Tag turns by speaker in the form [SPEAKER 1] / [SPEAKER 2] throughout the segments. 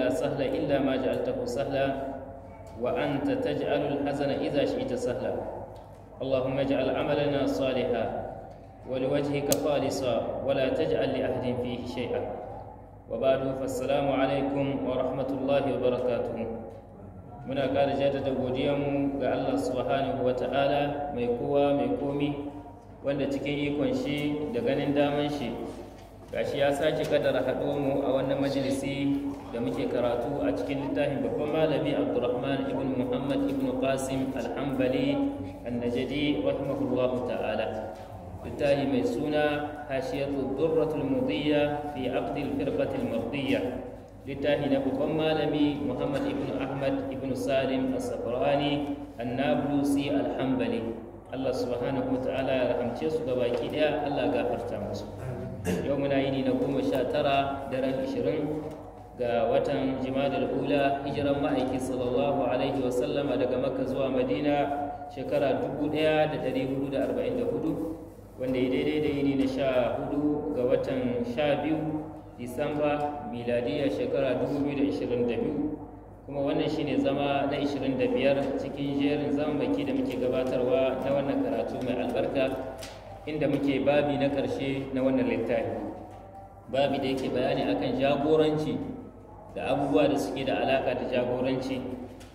[SPEAKER 1] la sahla illa ma ja'altahu sahla wa anta taj'alu al-hazana idha shi'ta sahla Allahumma ij'al amalana salihan wa liwajhika khalisa wa la taj'al li ahadin fihi shay'an wa ba'du fa assalamu alaykum wa rahmatullahi wa barakatu. muna kare jata da mu ga Allah subhanahu wa ta'ala mai kowa mai komi wanda cikin ikon shi da ganin daman shi gashi ya sake kadar haɗuwar mu a wannan majalisi da muke karatu a cikin littafin babban malami abdurrahman ibn muhammad ibn qasim alhambali annajadi rahimahullahu ta'ala littafi mai suna hashiyatu durratul mudiyya fi aqdil firqatil mardiyya littafi na babban malami muhammad ibn ahmad ibn salim as-sabrani annablusi alhambali Allah subhanahu wa ta'ala ya rahamce su ga baki daya Allah gafarta musu yau muna yini na goma sha tara daren ashirin ga watan jimadar ula hijiran ma'aiki sallallahu alaihi wasallama daga makka zuwa madina shekara 1444 wanda ya daidai da yini na sha hudu ga watan sha biyu disamba miladiyya shekara 2022 kuma wannan shine zama na 25 cikin jerin baki da muke gabatarwa na wannan karatu mai albarka inda muke babi na ƙarshe na wannan littafi babi da yake bayani akan jagoranci da abubuwa da suke da alaka da jagoranci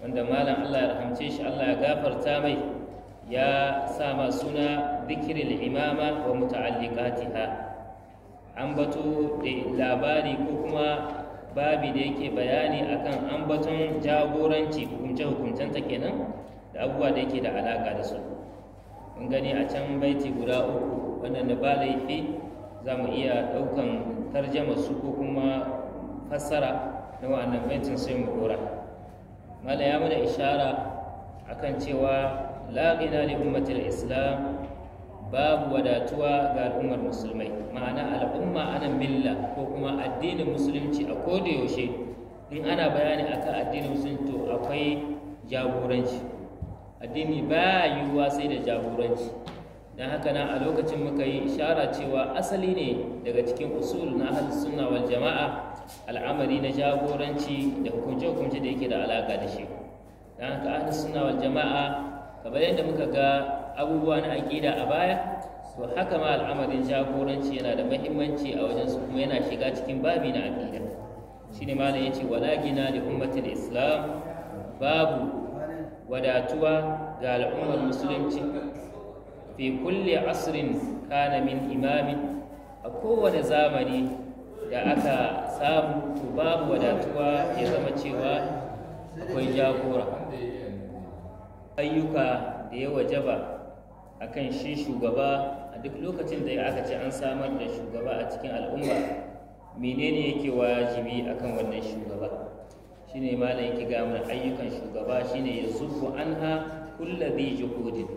[SPEAKER 1] wanda malam Allah ya rahamce shi Allah ya gafarta mai ya sa ma suna dhikiril imama wa muta'alliqatiha ambato da labari ko kuma babi da yake bayani akan ambaton jagoranci hukunce ta kenan da abubuwa da yake da alaka da su mun gani a can baiti guda uku wannan da ba laifi za mu iya ɗaukan tarjama su ko kuma fassara na wa'annan baitin sai mu dora malam ya mana ishara akan cewa la ghina li ummati islam babu wadatuwa ga al'ummar musulmai ma'ana al'umma ana milla ko kuma addinin musulunci a koda yaushe in ana bayani akan addinin musulunci to akwai jagoranci addini ba yiwuwa sai da jagoranci don haka nan a lokacin muka yi ishara cewa asali ne daga cikin usul na ahlus sunna wal jama'a al'amari na jagoranci da hukunce hukunce da yake da alaka da shi don haka ahlus sunna wal jama'a kamar yadda muka ga abubuwa na aƙida a baya to haka ma al'amarin jagoranci yana da mahimmanci a wajen su kuma yana shiga cikin babi na aƙida shine malam yace wala gina li ummatil islam babu wadatuwa ga al'ummar musulunci fi kulle asrin kana min imamin a kowane zamani da aka samu babu wadatuwa ya zama cewa akwai jagora ayyuka da ya wajaba akan shi shugaba a duk lokacin da aka ce an samar da shugaba a cikin al'umma menene yake wajibi akan wannan shugaba shine malam yake ga ayyukan shugaba shine ya zubu anha zai ji juhudin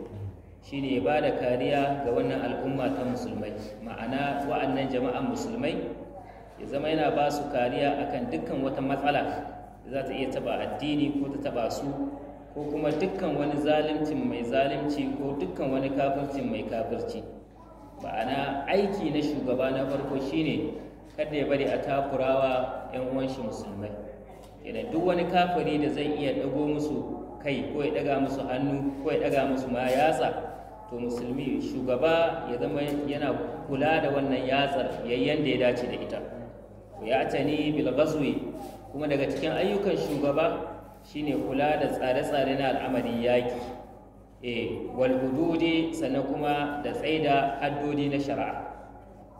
[SPEAKER 1] shine ba da kariya ga wannan al'umma ta musulmai ma'ana wa'annan jama'an musulmai ya zama yana ba su kariya akan dukkan wata matsala da za ta iya taba addini ko ta taba su ko kuma dukkan wani zalimcin mai zalimci ko dukkan wani kafircin mai kafirci ma'ana aiki na shugaba na farko shine kada ya bari a takurawa 'yan uwan shi musulmai kenan duk wani kafiri da zai iya dago musu kai ko ya daga musu hannu ko ya daga musu ma yatsa to musulmi shugaba ya zama yana kula da wannan yatsar yayyan da ya dace da ita ya ta ni bil kuma daga cikin ayyukan shugaba shine kula da tsare-tsare na al'amarin yaki eh wal hududi sannan kuma da tsaida haddodi na shari'a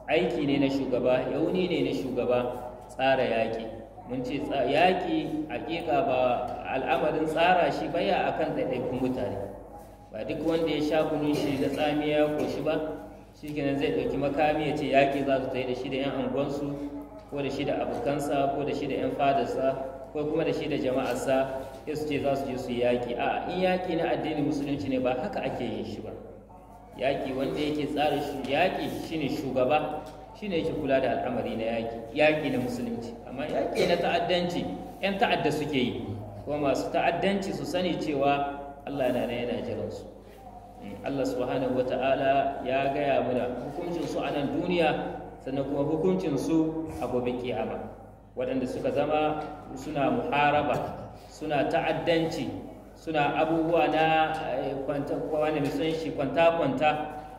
[SPEAKER 1] aiki ne na shugaba yauni ne na shugaba tsara yaƙi. mun ce yaƙi hakika ba al'amarin tsara shi baya a akan ɗaiɗaikun mutane ba duk wanda ya sha kunun shi da tsami ya koshi ba shikenan zai ɗauki makami ya ce yaƙi za su ta da shi da 'yan angonsu ko da shi da abokansa ko da shi da 'yan fadarsa ko kuma da shi da jama'arsa ya su ce za su je su yi yaƙi a in yaƙi na addinin musulunci ne ba haka ake yin shi ba yaƙi wanda yake tsara shi yaƙi shine shugaba ne yake kula da al'amari na yaƙi yaƙi na musulunci amma yaƙi na ta'addanci 'yan ta'adda suke yi kuma masu ta'addanci su sani cewa Allah na yana jiran mm, Allah subhanahu wata'ala ya gaya mana hukuncin su a nan duniya sannan kuma hukuncin su a gobe kiyama waɗanda suka zama suna muharaba suna ta'addanci suna abubuwa na eh, kwanta kwanta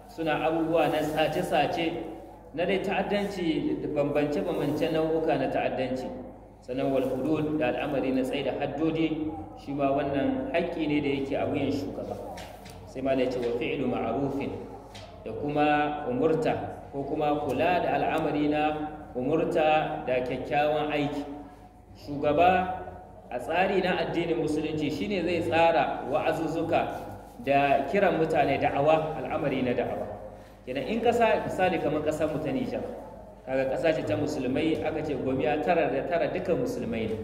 [SPEAKER 1] suna abubuwa na sace-sace na dai ta'addanci bambance bambance nau'uka na ta'addanci sannan wal hudud da al'amari na tsaida haddodi shi ma wannan haƙƙi ne da yake a wuyan shugaba sai ma ce wa fi'lu ma'rufin da kuma umurta ko kuma kula da al'amari na umurta da kyakkyawan aiki shugaba a tsari na addinin musulunci shine zai tsara wa'azuzzuka da kiran mutane da'awa al'amari na da'awa kenan in kasa misali kamar kasa mu ta Nijar kaga kasa ce ta musulmai aka ce gomiya tara da tara dukkan musulmai ne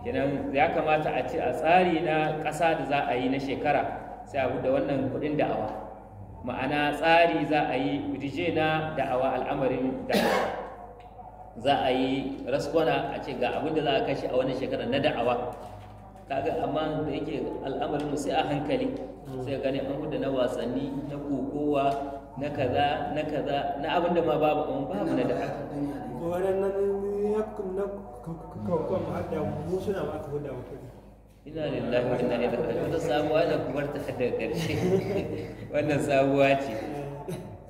[SPEAKER 1] kenan ya kamata a ce a tsari na kasa da za a yi na shekara sai a buɗe wannan kuɗin da'awa ma'ana tsari za a yi budije na da'awa al'amarin da'awa za a yi raskwana a ce ga abin da za a kashe a wannan shekarar na da'awa kaga amma da yake al'amarin sai a hankali sai gane an gudu na wasanni na kokowa na kaza na kaza na abin da ma babu an babu na da haka nan ya kunna mu suna ina lillahi inna ilaihi raji'un wannan sabuwa da kuma ta daga karshe wannan sabuwa ce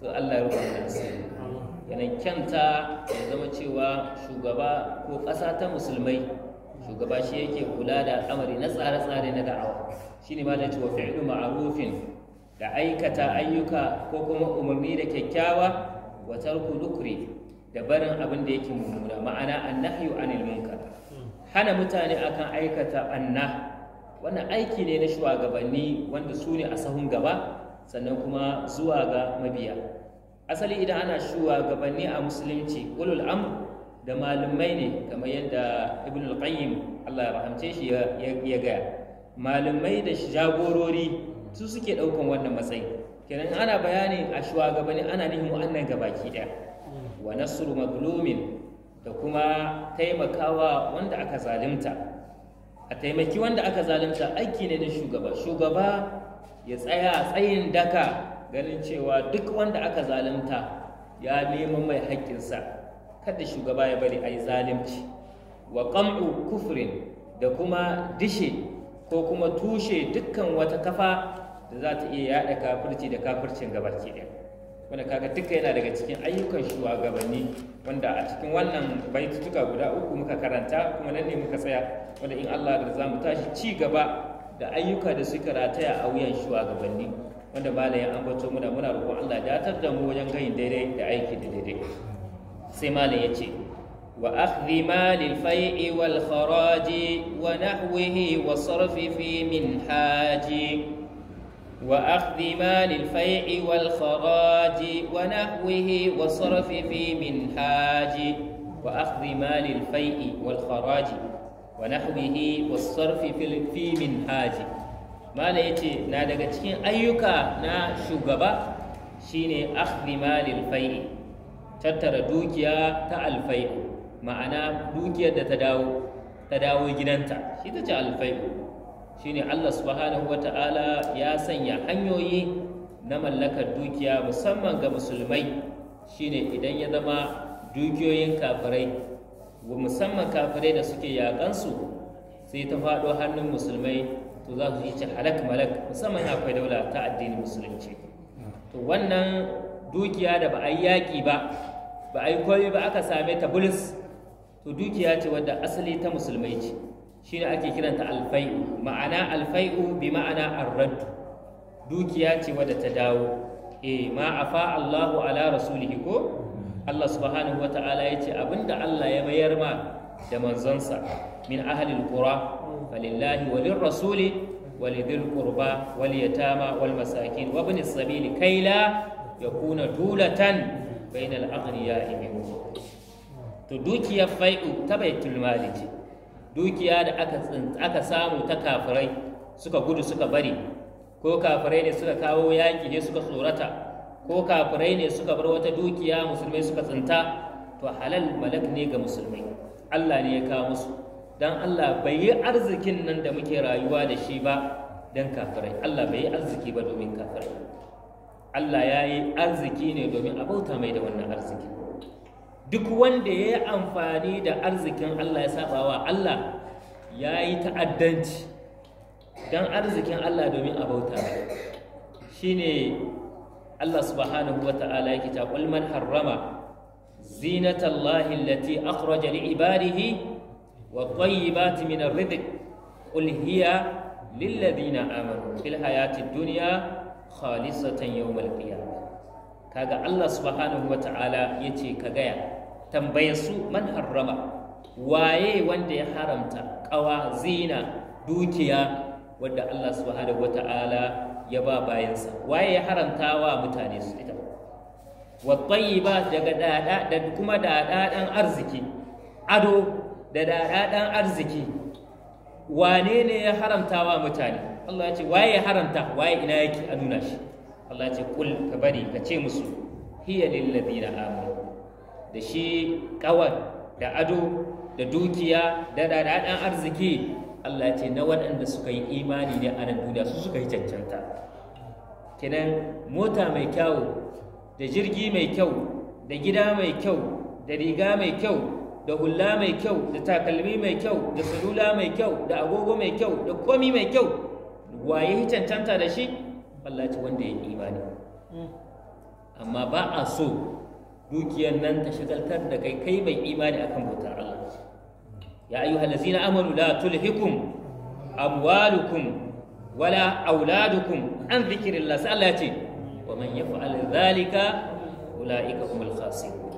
[SPEAKER 1] to Allah ya rubuta nasi yana kyanta ya zama cewa shugaba ko ƙasa ta musulmai shugaba shi yake kula da al'amari na tsare-tsare na da'awa shine ma da cewa fi'lu ma'rufin da aikata ayyuka ko kuma umarni da kyakkyawa wa tarku dukri da barin abin da yake mummuna ma'ana annahyu anil munkar hana mutane akan aikata anna wannan aiki ne na shugabanni wanda su ne a sahun gaba sannan kuma zuwa ga mabiya asali idan ana shugabanni a musulunci ulul amr da malumai ne kamar yadda ibn al-qayyim Allah ya rahamce shi ya gaya malumai da jagorori su suke ɗaukan wannan matsayi kenan ana bayani a shugabanni ana nihin wannan gabaki ɗaya wa nasru maglumin da kuma taimakawa wanda aka zalunta a taimaki wanda aka zalunta aiki ne na shugaba shugaba ya tsaya tsayin daka ganin cewa duk wanda aka zalunta ya nema mai haƙƙinsa kada shugaba ya bari a yi zalunci wa ƙam'u kufrin da kuma dishe ko kuma tushe dukkan wata kafa da za ta iya yada kafirci da kafircin gabaki ɗaya wanda kaga duka yana daga cikin ayyukan shugabanni wanda a cikin wannan baitutuka guda uku muka karanta kuma nan ne muka tsaya wanda in Allah da za mu tashi ci gaba da ayyuka da suka rataya a wuyan shugabanni wanda an ambato muna muna roƙon Allah ya datar da mu wajen gayin daidai da aiki da daidai sai malam ya ce wa akhdhi malil fai'i wal kharaji wa nahwihi wa sarfi fi min haji وأخذ مال الفيع والخراج ونحوه والصرف في منهاج وأخذ مال الفيع والخراج ونحوه والصرف في منهاج ما يتي نا daga cikin ayyuka na shugaba shine akhdhi malil tattara dukiya ta alfai'u ma'ana dukiyar da ta dawo gidanta shi ta shine Allah subhanahu wa ta'ala ya sanya hanyoyi na mallakar dukiya musamman ga musulmai shine idan ya zama dukiyoyin kafirai musamman kafirai da suke yaƙansu sai ta faɗo hannun musulmai to za su yi ci halak malak musamman akwai daula ta addinin musulunci to wannan dukiya da ba a yi yaƙi ba ba a yi koyi ba aka same ta bulis to dukiya ce wadda asali ta musulmai ce Shin ake kiranta alfai'u ma'ana alfai'u bi ma'ana arraddu dukiya ce wadda ta dawo eh ma afa Allahu ala rasulihi ko Allah subhanahu wata'ala ya ce abinda Allah ya mayar ma da manzonsa min ahlil qura falillahi walin rasuli walidil qurba wal yatama wal masakin wa ibnis sabil kai la yakuna dulatan bainal aghniya'i minkum to dukiyar fai'u ta baitul ce dukiya da aka samu ta kafirai suka gudu suka bari ko kafirai ne suka kawo yaƙi ne suka tsorata ko kafirai ne suka bar wata dukiya musulmai suka tsinta to halal malak ne ga musulmai Allah ne ya kawo musu Don Allah bai yi arzikin nan da muke rayuwa da shi ba don kafirai Allah bai yi arziki ba domin kafirai Allah ya yi arziki ne domin a bauta mai da wannan arziki duk wanda ya yi amfani da arzikin Allah ya saba wa Allah ya yi ta'addanci don arzikin Allah domin a bauta shi ne Allah subhanahu wa ta'ala yake ta man harrama zinatallahi lati akhraja li ibadihi wa tayyibati min ar-rizq qul hiya lilladhina amanu fil hayati dunya khalisatan yawm al-qiyamah kaga Allah subhanahu wa ta'ala yace ka gaya tambayar su man harrama waye wanda ya haramta ƙawa zina dukiya wanda Allah subhanahu wata'ala ya ba bayansa waye ya haramta wa mutane su ita wa tayyiba daga dada da kuma dan arziki ado da dan arziki wane ne ya haramta wa mutane Allah ya ce waye ya haramta waye ina yake a nuna shi Allah ya ce kul ka bari ka ce musu hiya lil ladina amanu da shi ƙawar da ado da dukiya da ɗaɗaɗen arziki Allah ce na waɗanda suka yi imani ne a su suka yi cancanta kenan mota mai kyau da jirgi mai kyau da gida mai kyau da riga mai kyau da hula mai kyau da takalmi mai kyau da salula mai kyau da agogo mai kyau da komi mai kyau waye yi cancanta da shi Allah ce wanda ya yi imani hmm. amma ba a so dukiyar nan ta shagaltar da kai kai mai imani akan bautar Allah ya ayyuhal ladzina amanu la tulhikum amwalukum wala auladukum an dhikrillah sai Allah ya ce wa man yaf'al dhalika ulaika humul khasirun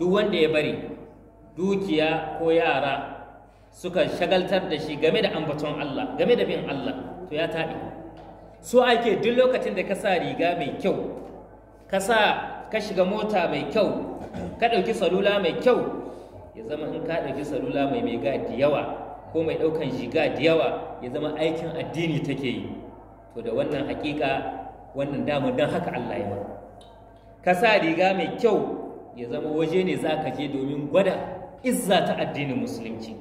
[SPEAKER 1] duk wanda ya bari dukiya ko yara suka shagaltar da shi game da ambaton Allah game da bin Allah to ya taɗi so ake duk lokacin da ka sa riga mai kyau ka sa ka shiga mota mai kyau ka ɗauki salula mai kyau ya zama in ka ɗauki salula mai mai da yawa ko mai ɗaukan shiga da yawa ya zama aikin addini take yi to da wannan hakika wannan damar don haka Allah ya bar. ka sa riga mai kyau ya zama waje ne za ka je domin gwada izza ta addinin musulunci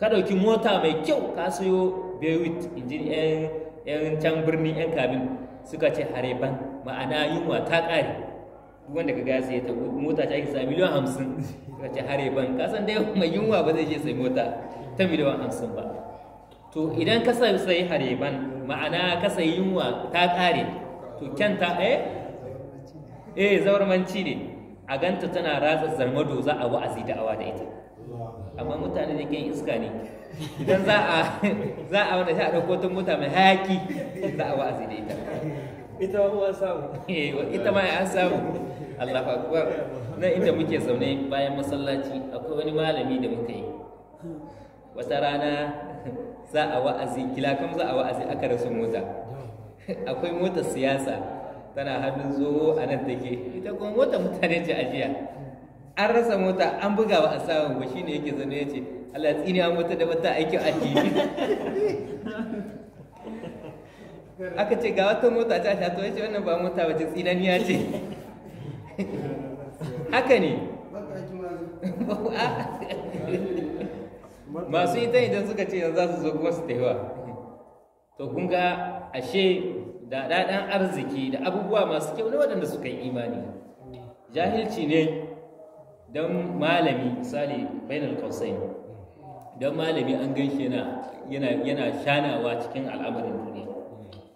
[SPEAKER 1] ka ɗauki mota mai kyau ka siyo beirut injin yan can birnin yan kabin suka ce hareban ma'ana yunwa ta ƙare wanda ka gasa ya tabo mota ta ake sa miliyan hamsin ka ce hare ban kasan dai mai yunwa ba zai je sai mota ta miliyan hamsin ba to idan ka sai hare ban ma'ana ka sai yunwa ta kare to kyanta eh eh zaurmanci ne a ganta tana ratsa zarmado za a wa'azi da awa da ita amma mutane da ke iska ne idan za a za a wanda sai a dauko, ta mota mai hayaki za a wa'azi da ita ita ma samu eh, ita ma ya samu Allah akbar na inda muke zaune bayan masallaci akwai wani malami da muka yi wata rana za a wa'azi kilakan za a wa'azi aka rasu mota akwai mota siyasa tana hannun zoho a nan take ita kuma mota mutane ce ajiya an rasa mota an buga ba a samun ba shine yake zaune ya ce Allah tsini a mota da mata aikin addini aka ce ga wata mota ta sha to yace wannan ba mota ba tsinaniya ce haka ne masu ita idan suka ce yanzu za su zo kuma su taiwa to kun ga ashe da ɗaɗan arziki da abubuwa masu kyau na waɗanda suka yi imani jahilci ne don malami misali bainal kausai don malami an gan shi yana shanawa cikin al'amarin duniya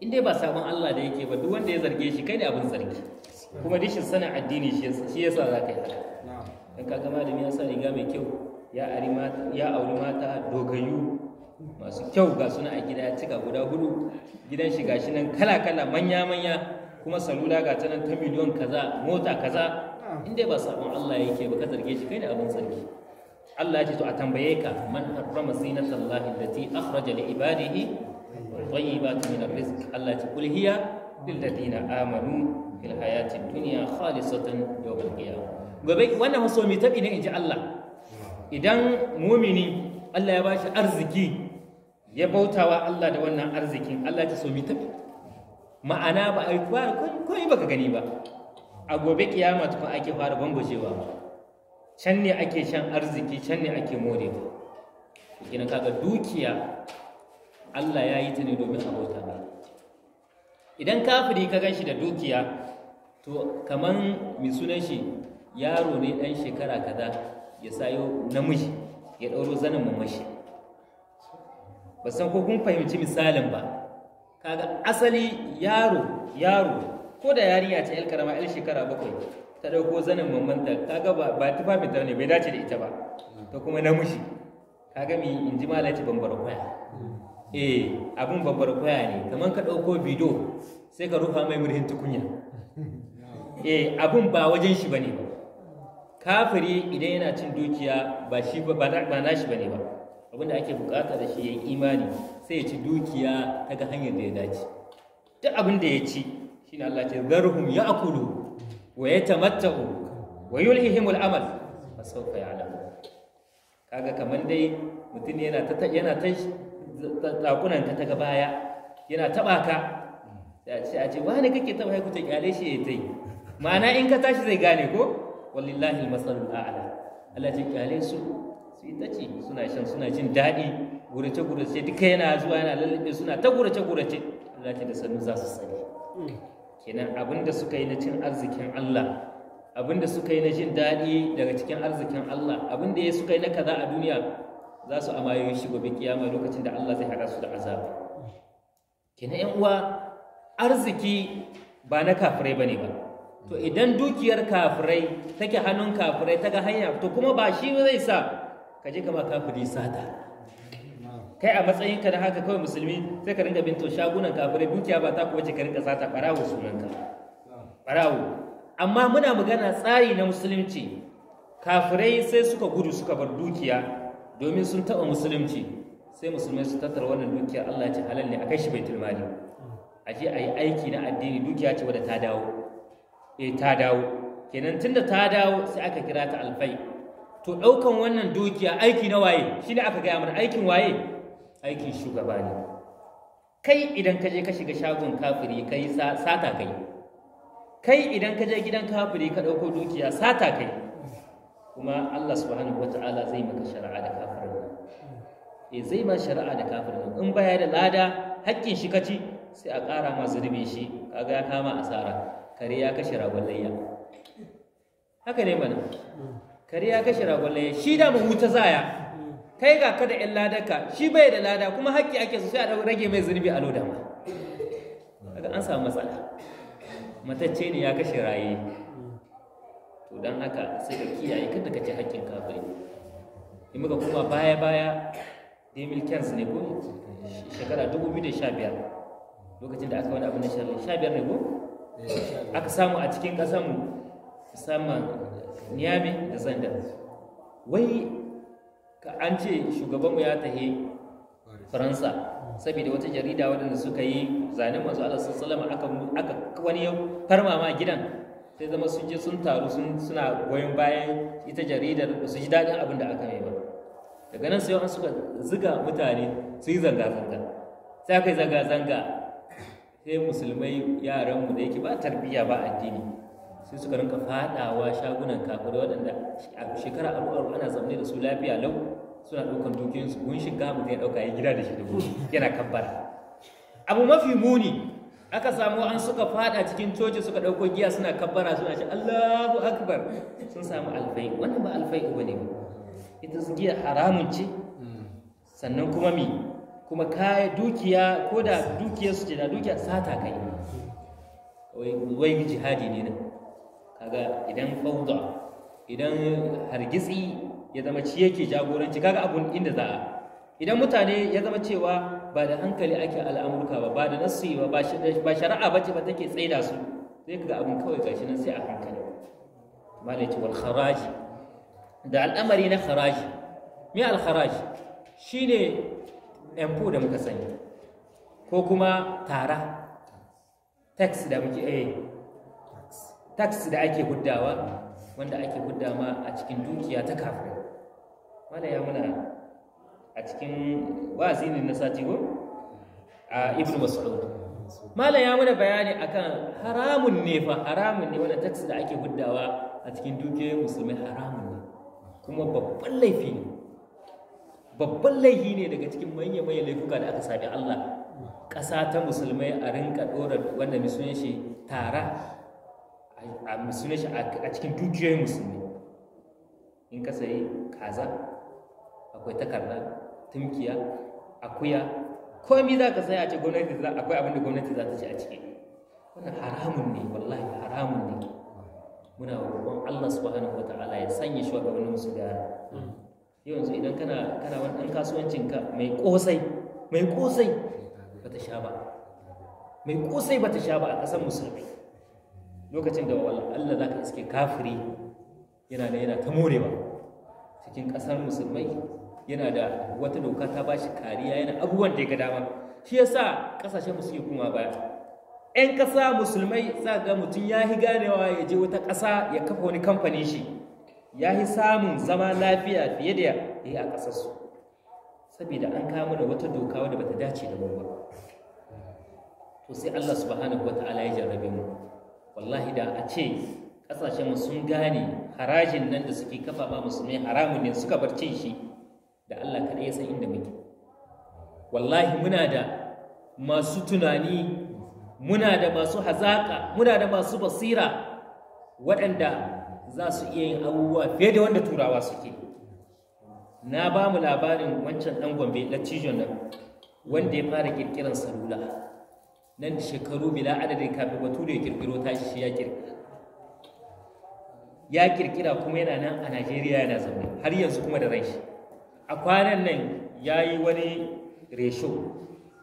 [SPEAKER 1] in dai ba sabon Allah da yake ba duk wanda ya zarge shi kai da abin zargi kuma dishin sana addini shi sa za ka yi haka dan kaga malami ya sa riga mai kyau ya ari mata ya auri mata dogayu masu kyau ga suna a gida ya cika guda hudu gidan shi gashi nan kala kala manya manya kuma salula ga ta nan ta miliyon kaza mota kaza in dai ba sabon Allah yake ba ka zarge shi kai da abin zargi Allah ya ce to a tambaye ka man harrama zinatallahi allati akhraja li ibadihi والطيبات من الرزق التي قل هي للذين آمنوا في الحياة الدنيا خالصة يوم القيامة gobe wannan haso mai tabi ne in ji Allah idan mumini Allah ya bashi arziki ya bautawa Allah da wannan arzikin Allah ta so ma'ana ba a yi koyi baka gani ba a gobe kiyama tukun ake fara bambacewa can ne ake shan arziki can ne ake morewa kina kaga dukiya Allah ya yi ta ne domin abota ba idan kafiri ka gan shi da dukiya to kamar mai sunan shi yaro ne ɗan shekara kaza ya sayo namiji ya ɗauro zanen mamashi ba san ko kun fahimci misalin ba kaga asali yaro yaro ko da yarinya ta yar karama yar shekara bakwai ta ɗauko zanen mamanta kaga ba ba mai ne bai dace da ita ba ta kuma namiji kaga mi in ji malaci bambara kwaya eh abin babbar kwaya ne kamar ka ɗauko bido sai ka rufa mai murhin tukunya e eh, abin ba wajen shi bane ba kafiri idan yana cin dukiya ba shi ba na shi bane ba abin da ake bukata da shi yayi imani sai ya ci dukiya ta ga hanyar da ya dace duk abin da ya ci shine Allah ce zarhum ya'kulu wa yatamatta'u wa yulhihimul amal fa sawfa ya'lamu kaga kamar dai mutum yana ta yana ta takunanta ta baya yana taɓa ka sai a ce wani kake taɓa haiku ta kyale shi ya ta yi ma'ana in ka tashi zai gane ko wallahi masalul a'la Allah ce kyale su su yi ta ce suna shan suna jin daɗi gurace gurace duka yana zuwa yana lallaɓe suna ta gurace gurace Allah ce da sannu za su sani kenan abinda suka yi na cin arzikin Allah abinda suka yi na jin daɗi daga cikin arzikin Allah abinda ya suka yi na kaza a duniya za su amayoyi shi gobe kiyama lokacin da Allah zai hada su da azabu. Kina yan uwa arziki ba na kafirai bane ba to idan dukiyar kafirai take hannun kafirai ta ga hanya to kuma ba shi zai sa ka je kama kafiri sata kai a matsayin ka da haka kawai musulmi sai ka ringa binto shagunan kafirai dukiya ba ta kuwa ce ka ringa sata barawo sunanka barawo amma muna magana tsari na musulunci kafirai sai suka gudu suka bar dukiya domin sun taɓa musulunci sai musulmai su tattara wannan dukiya Allah ya ce halal ne a kai shi baitul mali a je a yi aiki na addini dukiya ce wadda ta dawo eh ta dawo kenan tunda ta dawo sai aka kira ta alfai to ɗaukan wannan dukiya aiki na waye shi ne aka gaya mana aikin waye aikin shugaba ne kai idan ka je ka shiga shagon kafiri ka yi sata kai kai idan ka je gidan kafiri ka ɗauko dukiya sata kai kuma Allah subhanahu wata'ala zai maka shari'a da kafirin nan eh zai ma shari'a da kafirin nan in baya da lada hakkin shi kaci sai a ƙara ma zurbin shi kaga ya kama asara kare ya kashe ragon layya haka ne mana kare ya kashe ragon layya shi da mu huta zaya kai ga ka da ƴan ladarka shi bai da lada kuma hakki ake so sai a rage mai zurbi a loda ma kaga an samu matsala matacce ne ya kashe raye to don haka sai ka kiyaye kada ka ci haƙƙin kafiri in muka kuma baya baya demil kens ne ko shekara 2015 lokacin da aka wani abin da sha 15 ne ko aka samu a cikin ƙasan musamman niyami da zanda wai ka an ce shugabanmu ya tahi faransa saboda wata jarida waɗanda suka yi zanen masu ala sun salama aka wani farma ma gidan sai zama sun je sun taru suna goyon bayan ita jaridar ba su ji daɗin abin da aka yi ba daga nan sai an suka ziga mutane su yi zanga-zanga sai aka yi zanga-zanga sai musulmai yaranmu da yake ba tarbiyya ba addini sai suka rinka fadawa shagunan da waɗanda a shekara aru ana zaune da su lafiya lau suna ɗaukan dukiyansu kun shiga mutum ya ɗauka ya gida da shi da yana kabbara abu mafi muni aka samu an suka fada cikin coci suka ɗauko giya suna kabbara suna ce Allahu akbar sun samu alfai wannan ba alfai ba ne ita giya haramun ce sannan kuma mi kuma kaya dukiya ko da dukiyar su ce da dukiya sata kai wai jihadi ne nan kaga idan fauda idan hargitsi ya zama ci yake jagoranci kaga abun inda za idan mutane ya zama cewa ba da hankali ake al'amurka ba ba da nassi ba ba shari'a ba ce ba take tsaida su sai ga abin kawai gashi nan sai a hankali malaci wal kharaji da al'amari na kharaji me al kharaji shine ɗanfu da muka sani ko kuma tara tax da muke eh, tax da ake huddawa wanda ake hudda ma a cikin dukiya ta kafin wala ya muna a cikin wa'azi ne na sati ko a Ibn mas'ud malam ya mana bayani akan haramun ne fa haramun ne wannan tax da ake buddawa a cikin dukiyoyin musulmai haramun ne kuma babban laifi ne babban laifi ne daga cikin manya-manyan laifuka da aka sami Allah ƙasa ta musulmai a rinka dora wanda musulmai shi tara a musulmai shi a cikin dukiyoyin musulmai in ka sayi kaza akwai takarda tumkiya akuya komai za ka sai a ce gwamnati za akwai abin da gwamnati za ta ci a ciki wannan haramun ne wallahi haramun ne muna roƙon Allah subhanahu wataala ya sanya shugabannin su gara yanzu idan kana kana wani kasuwancinka mai kosai mai kosai ta sha ba mai kosai ta sha ba a ƙasar musulmi lokacin da wallahi Allah zaka iske kafiri yana da yana ta morewa cikin ƙasar musulmai yana da wata doka ta ba shi kariya yana abubuwan da ya ga dama shi ya sa kasashen musu yi kuma baya 'yan ƙasa musulmai za ga mutum ya yi ganewa ya je wata ƙasa ya kafa wani kamfani shi ya yi samun zama lafiya fiye da ya yi a ƙasarsu saboda an kama da wata doka wadda bata dace da ba to sai Allah subhanahu wa ta'ala ya jarrabe mu wallahi da a ce ƙasashen mu sun gane harajin nan da suke kafa ba musulmai haramun ne suka bar cin shi da Allah kaɗai ya san inda muke wallahi muna da masu tunani muna da masu hazaƙa muna da masu basira waɗanda za su iya yin abubuwa fiye da wanda turawa suke na ba mu labarin wancan ɗan gombe cijon nan wanda ya fara ƙirƙiran salula nan shekaru bila adadin kafin bature ya ƙirƙiro tashi ya ƙirƙira ya kirkira kuma yana nan a Najeriya yana zaune har yanzu kuma da rai shi a kwanan nan ya yi wani resho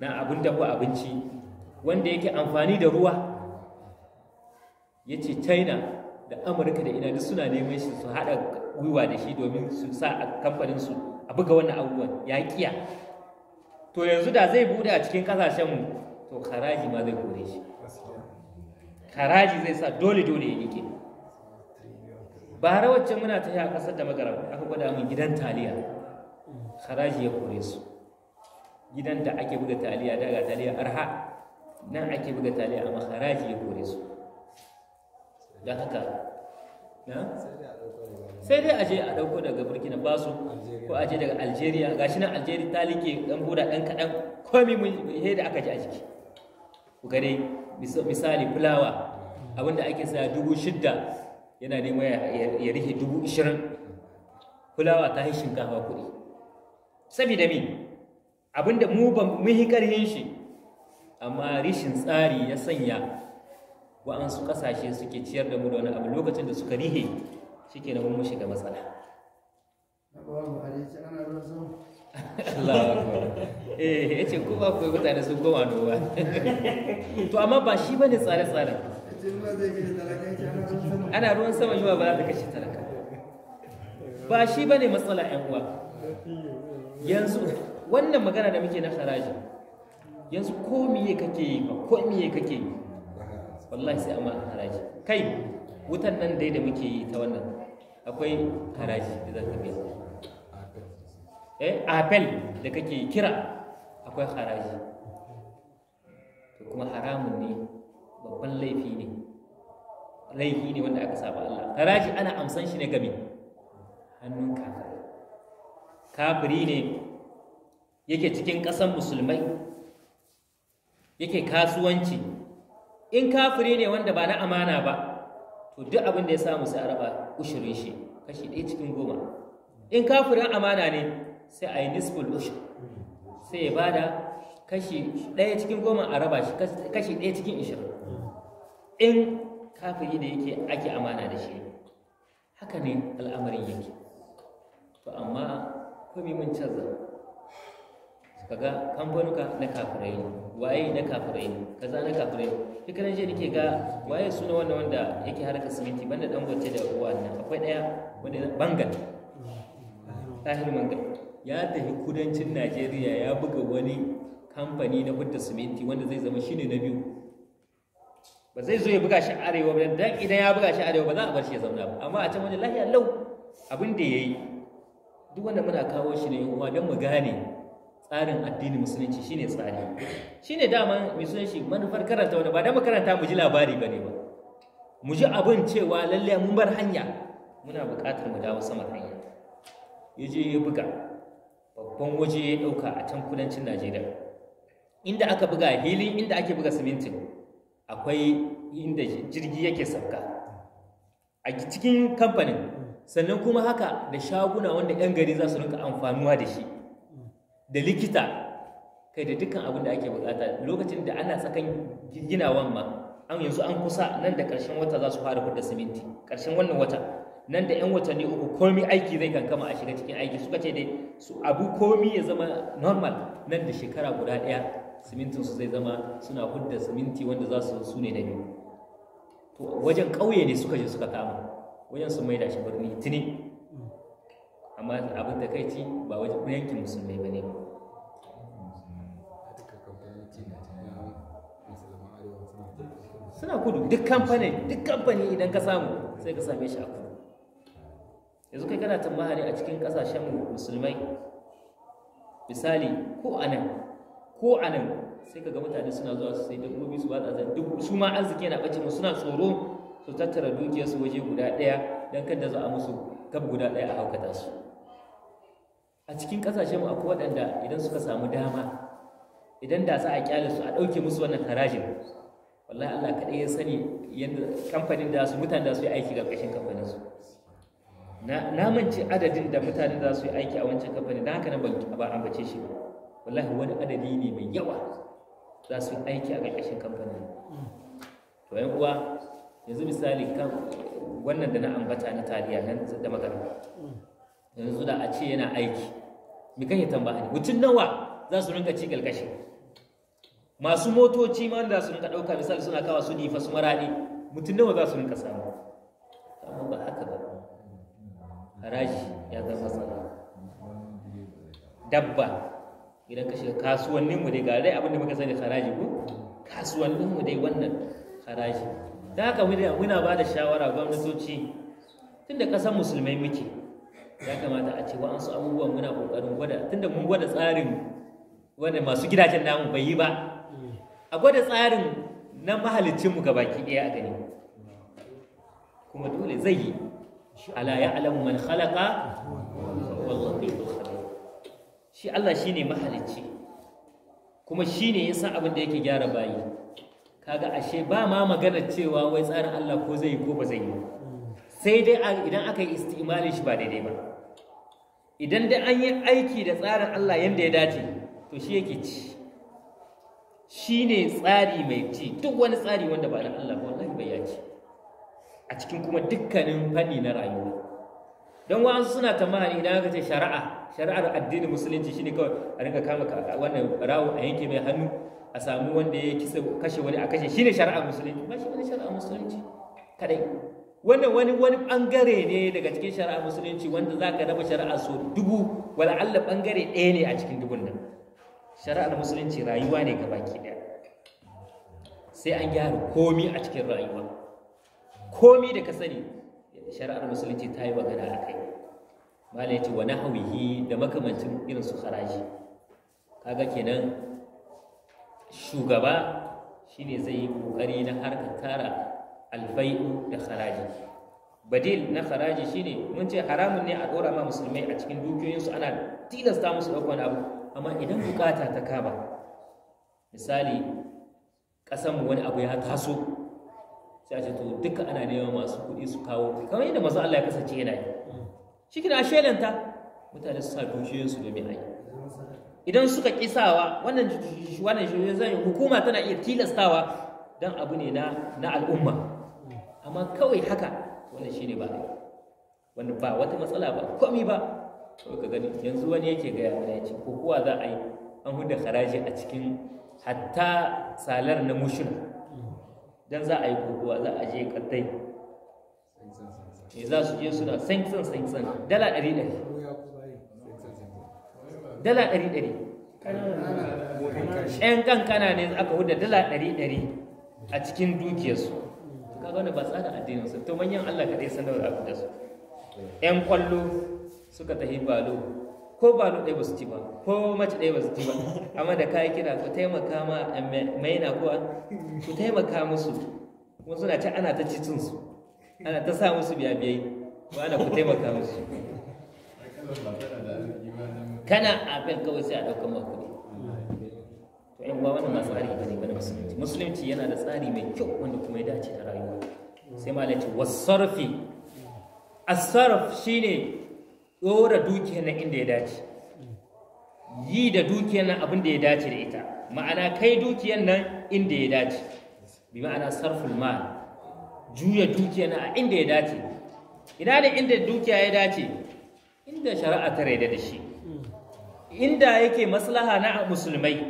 [SPEAKER 1] na abin dafa abinci wanda yake amfani da ruwa ya ce china da amurka da ina duk suna neman shi su haɗa gwiwa da shi domin su sa a kamfaninsu a buga wannan abubuwan ya kiya to yanzu da zai bude a cikin kasashen to haraji ma zai kore shi haraji zai sa dole dole ya yake bara wacce muna ta yi a ƙasar da magarab aka gwada min gidan taliya haraji ya kore su gidan da ake buga taliya daga taliya arha nan ake buga taliya amma haraji ya kore su don haka sai dai aje a ɗauko daga burkina faso ko aje daga algeria gashi nan algeria ta like ɗan buda ɗan kaɗan komi mun da aka ji a jiki ku gare misali fulawa abinda ake sa dubu shidda yana neman ya rike dubu ishirin fulawa ta yi shinkafa kuɗi saboda me abinda mu ba mu yi ƙarhin shi amma rishin tsari ya sanya wa'ansu ƙasashe suke ciyar da mu da wani abu lokacin da suka rihe shike na mun shiga matsala eh ce ko ba ku mutane sun goma nowa to amma ba shi ba ne tsare-tsare ana ruwan sama yiwa ba za ta kashe talaka ba shi ba ne matsala yan uwa yanzu wannan magana da muke na haraji yanzu ko miye kake yi ba ko miye kake yi wallahi sai amma haraji kai wutan nan dai da muke yi ta wannan akwai haraji da za ka biya eh apel da kake kira akwai haraji to kuma haramun ne babban laifi ne laifi ne wanda aka saba Allah haraji ana amsan shi ne game hannun kaka kafiri ne yake cikin ƙasan musulmai yake kasuwanci in kafiri ne wanda ba na amana ba to duk abin da ya samu sai a raba ushirin shi kashi ɗaya cikin goma in kafirin amana ne sai a yi nisful ushir sai ya bada kashi ɗaya cikin goma a raba shi kashi ɗaya cikin ishirin in kafiri da yake ake amana da shi haka ne al'amarin yake to amma komi mun canza ga kamfanuka na kafirai ne waye na kafirai ne kaza na kafirai ne kanan je ke ga waye suna wannan wanda yake harkar siminti banda dan da uwa akwai daya wanda bangal tahir mangal ya tafi kudancin Najeriya ya buga wani kamfani na fitar siminti wanda zai zama shine na biyu ba zai zo ya buga shi arewa ba dan idan ya buga shi arewa ba za a bar shi ya zauna ba amma a can wajen lahiya lau abin da yayi duk wanda muna kawo shi ne uwa don mu gane tsarin addini musulunci shine tsari shine dama mai sunan shi manufar karanta wani ba da mu karanta mu ji labari ba ne ba mu ji abin cewa lalle mun bar hanya muna buƙatar mu dawo sama hanya ya je ya buga babban waje ya ɗauka a can kudancin najeriya inda aka buga hili inda ake buga simintin akwai inda jirgi yake sauka a cikin kamfanin sannan kuma haka da shaguna wanda 'yan gari za su rinka amfanuwa da shi da likita kai da dukkan abin da ake bukata lokacin da ana tsakan ginawan ma an yanzu an kusa nan da karshen wata za su fara fudda siminti karshen wannan wata nan da 'yan watanni uku komi aiki zai kankama a shiga cikin aiki suka ce dai su abu komi ya zama normal nan da shekara guda ɗaya simintin su zai zama suna fudda siminti wanda za su su ne da biyu to wajen ƙauye ne suka je suka kama wajen su da shi birni tuni amma abin da kai ci ba wajen yankin musulmai ba ne suna kudu duk kamfani duk kamfani idan ka samu sai ka same shi a kudu yanzu kai kana tambaya ne a cikin kasashen musulmai misali ko anan ko anan sai ka ga mutane suna zuwa su sai dabbobi su watsa zan duk su ma arziki yana bace mu suna tsoro su tattara dukiyarsu waje guda ɗaya don kada za a musu gab guda ɗaya a haukata su a cikin ƙasashenmu akwai waɗanda idan suka samu dama idan da za a kyale su a ɗauke musu wannan harajin wallahi Allah kaɗai ya sani yadda kamfanin da su mutane da su yi aiki ƙarƙashin kamfanin su na mance adadin da mutane za su yi aiki a wancan kamfanin don haka nan ba ambace shi ba wallahi wani adadi ne mai yawa za su yi aiki a ƙarƙashin kamfanin to yan uwa yanzu misali kan wannan da na ambata na taliya nan da magana yanzu da a ce yana aiki mi kan yi tambaya mutum nawa za su rinka ci galkashi masu motoci ma da su rinka ɗauka misali suna kawa su nifa su maraɗi mutum nawa za su rinka samu amma ba haka ba haraji ya zama tsara dabba idan ka shiga kasuwanninmu dai ga dai abinda muka sani haraji ko kasuwanninmu dai wannan haraji da haka muna ba da shawara gwamnatoci tunda kasan musulmai muke ya kamata a ce su abubuwan muna kokarin gwada tunda mun gwada tsarin wanda masu gidajen namu bai yi ba a gwada tsarin na mu ga baki ɗaya a gani kuma dole zai yi ala ya alamu man khalaqa shi Allah shine mahalicci kuma shine yasa abin da yake gyara bayi kaga ashe ba ma magana cewa wai tsarin Allah ko zai yi ko ba zai yi sai dai idan aka yi istimali shi ba daidai ba idan dai an yi aiki da tsarin Allah yadda ya dace to shi yake ci shi ne tsari mai ci duk wani tsari wanda ba na Allah ba wallahi bai a cikin kuma dukkanin fanni na rayuwa don wa'ansu suna tamani idan aka ce shari'a shari'ar addinin musulunci shine kawai a rinka kama wannan rawo a yanke mai hannu a samu wanda ya kisa kashe wani a kashe shi ne shari'a musulunci ba shi ne shari'a musulunci kadai wannan wani wani bangare ne daga cikin shari'a musulunci wanda za ka raba shari'a so dubu wala Allah bangare ɗaya ne a cikin dubun nan shari'ar musulunci rayuwa ne gabaki ɗaya sai an gyara komi a cikin rayuwa komi da ka sani shari'ar musulunci ta yi magana a kai malai ce wa nahawihi da makamancin irin su haraji kaga kenan shugaba shine zai yi kokari na harkar tara, alfai'u da haraji badil na haraji shine mun ce haramun ne a ɗora ma musulmai a cikin dukiyoyinsu ana tilasta musu ɗaukar wani abu amma idan bukata ta kaba, misali ƙasanmu wani abu ya taso sai a ce to duka ana neman masu kuɗi su kawo kamar yadda masu Allah ya kasance yana yi shi kina shelanta mutane su sa dukiyoyinsu domin aiki idan suka sawa wannan wannan zan hukuma tana iya tilastawa don abu ne na na al'umma amma kawai haka wannan shine ba wanda ba wata matsala ba komai ba to ka gani yanzu wani yake ga yana yace ko kuwa za a yi an huda haraji a cikin hatta salar na mushina dan za a yi kokowa za a je kaddai ne eh, za su je suna san san san dala ɗari ɗari dala ɗari ɗari ƴan kankana ne aka wuda dala ɗari ɗari a cikin dukiyarsu kaga wanda ba tsada addininsu to manyan Allah ka dai da a kudasu su ƴan kwallo suka tafi balo ko balo ɗaya ba su ci ba ko mace ɗaya ba su ci ba amma da kayi kira ku taimaka ma maina ko ku taimaka musu kuma suna ci ana ta cicin su
[SPEAKER 2] ana ta sa musu biya biyai ba ana ku taimaka musu
[SPEAKER 1] kana abin kawai sai a ɗauka maka kuɗi to yan uwa wannan ba tsari bane bane musulunci musulunci yana da tsari mai kyau wanda kuma ya dace da rayuwa sai malam ce wasarfi asarf shine dora dukiyar nan inda ya dace yi da dukiyar nan abin da ya dace da ita ma'ana kai dukiyar nan inda ya dace bi ma'ana sarful mal juya dukiyar nan a inda ya dace ina da inda dukiya ya dace inda shari'a ta raida da shi inda yake maslaha na musulmai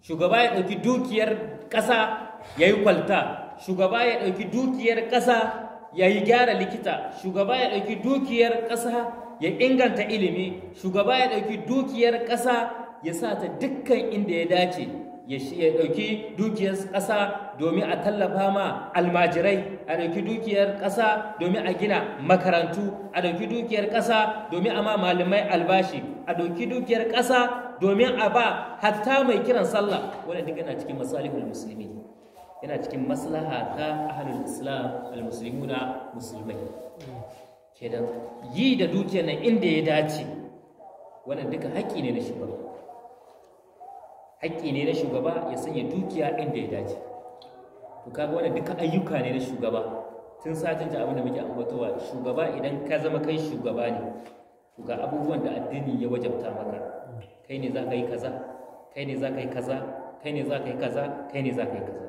[SPEAKER 1] shugaba ya ɗauki dukiyar ƙasa ya yi kwalta shugaba ya ɗauki dukiyar ƙasa ya yi gyara likita shugaba ya ɗauki dukiyar ƙasa ya inganta ilimi shugaba ya ɗauki dukiyar ƙasa ya sa ta dukkan inda ya dace ya ɗauki dukiyar ƙasa domin a tallafa ma almajirai a ɗauki dukiyar ƙasa domin a gina makarantu a ɗauki dukiyar ƙasa domin a ma malamai albashi a ɗauki dukiyar ƙasa domin a ba hatta mai kiran sallah wannan duk yana cikin masalihul musulmi yana cikin maslaha ta ahlul islam almuslimuna musulmai kenan yi da dukiyar nan inda ya dace wannan duka haƙƙi ne na shi ba. haƙƙi ne na shugaba ya sanya dukiya inda ya dace to kaga wannan duka ayyuka ne na shugaba tun satin ta abin da muke ambatowa shugaba idan ka zama kai shugaba ne to ga abubuwan da addini ya wajabta maka kai ne za ka yi kaza kai ne za ka yi kaza kai ne za ka yi kaza kai ne za ka yi kaza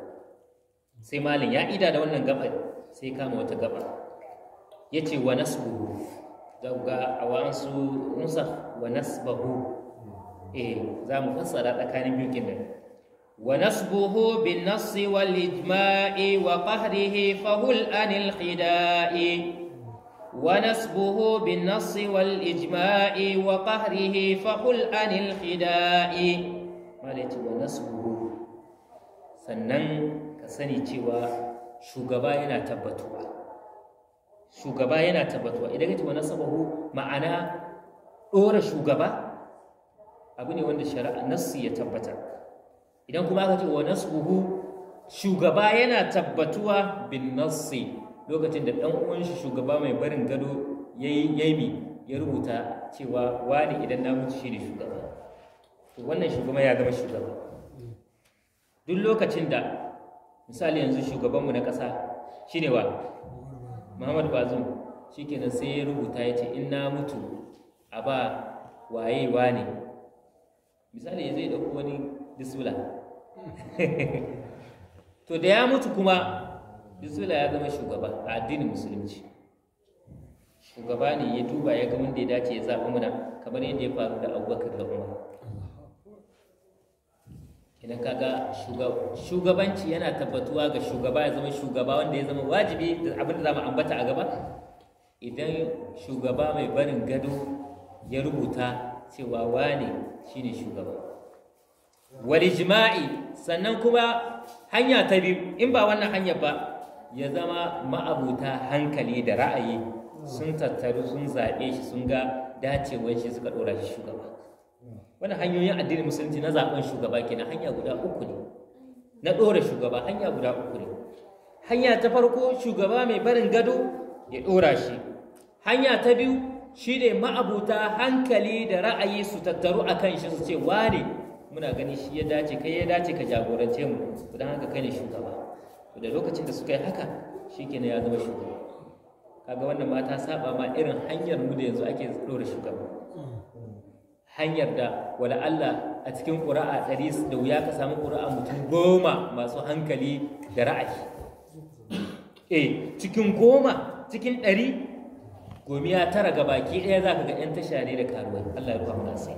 [SPEAKER 1] sai malin ya ida da wannan gaba, sai kama wata gaba ya ce wa nasbuhu ga a wa'ansu nusa wa nasbahu eh za mu fassara tsakanin biyu kenan wa nasbuhu bin nassi wal ijma'i wa qahrihi fa hul anil khida'i wa nasbuhu bin nassi wal ijma'i wa qahrihi fa hul anil khida'i malaci wa nasbuhu sannan ka sani cewa shugaba yana tabbatuwa shugaba yana tabbatuwa idan ka ce wa nasabahu ma'ana ɗora shugaba abu ne wanda shari'a nassi ya tabbatar idan kuma aka ce wa nasbuhu shugaba yana tabbatuwa bin nassi lokacin da dan uwan shi shugaba mai barin gado yayi yaimi ya rubuta cewa wani idan na mutu shi ne shugaba to wannan shugaba ya zama shugaba duk lokacin da misali yanzu shugabanmu na ƙasa shine wa muhammadu Bazum kenan sai ya rubuta ya ce in na mutu a ba waye ne. misali zai da wani disula to da ya mutu kuma disula ya zama shugaba a addinin musulunci shugaba ne ya duba ya ga wanda ya dace ya zaɓi muna kamar yadda ya faru da abubakar da umar idan kaga shugabanci yana tabbatuwa ga shugaba ya zama shugaba wanda ya zama wajibi da abin da za mu ambata a gaba idan shugaba mai barin gado ya rubuta cewa wane ne shugaba wal jima'i sannan kuma hanya ta biyu in ba wannan hanyar ba ya zama ma'abuta hankali da ra'ayi sun tattaru sun zaɓe shi sun ga dacewar shi suka ɗora shi shugaba wani hanyoyin addinin musulunci na zaɓen shugaba kenan hanya guda uku ne na ɗora shugaba hanya guda uku ne hanya ta farko shugaba mai barin gado ya ɗora shi hanya ta biyu shi ne ma'abuta hankali da ra'ayi su tattaru a kan shi su ce wane muna gani shi ya dace kai ya dace ka jagorance mu don haka kai ne shugaba da lokacin da suka yi haka shi kenan ya zama shugaba kaga wannan mata saba ma irin hanyar mu da yanzu ake ɗora shugaba hanyar da wala Allah a cikin ƙura'a ɗari da wuya ka samu ƙura'a mutum goma masu hankali da ra'ayi eh cikin goma cikin ɗari Gomi ya tara ga baki ɗaya za ka ga 'yan tasha ne da karuwai Allah ya ruwa muna sai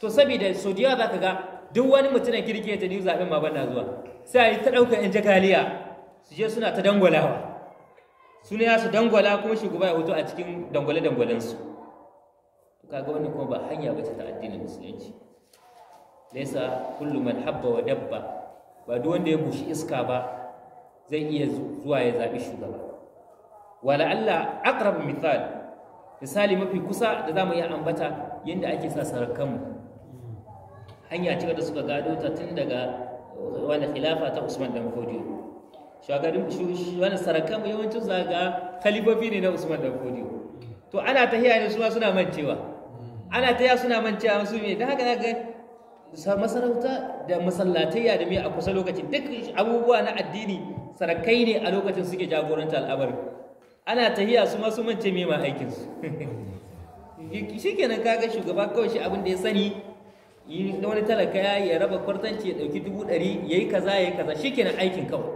[SPEAKER 1] to saboda sau da yawa za ka ga duk wani mutumin kirki ta niyu zaɓen ma na zuwa sai a yi ta ɗauka 'yan jakaliya su je suna ta dangwalawa su ne su dangwala kuma shugaba ya hoto a cikin dangwale-dangwalensu kaga wani kuma ba hanya ba ta addinin musulunci laisa kullu man habba dabba ba duk wanda ya bushi iska ba zai iya zuwa ya zaɓi shugaba wala Allah aqrab misal misali mafi kusa da za mu yi ambata yadda ake sa sarakan hanya ce da suka gado ta tun daga uh, wani khilafa ta Usman dan Fodiyo shugaban wani sarakan mu yawancin ga kalibobi ne na Usman dan Fodiyo to ana tahiya ne su suna mancewa ana ta tahiya suna mancewa su me dan haka zaka masarauta da masallatai da mai a kusa lokacin duk abubuwa na addini sarakai ne a lokacin suke jagoranta al'amari ana tahiya su masu mance me ma aikin su shikenan kaga shugaba kawai shi abin ya sani Yi wani talaka ya yi raba kwartanci ya ɗauki dubu ɗari ya yi kaza ya yi kaza shikenan aikin kawai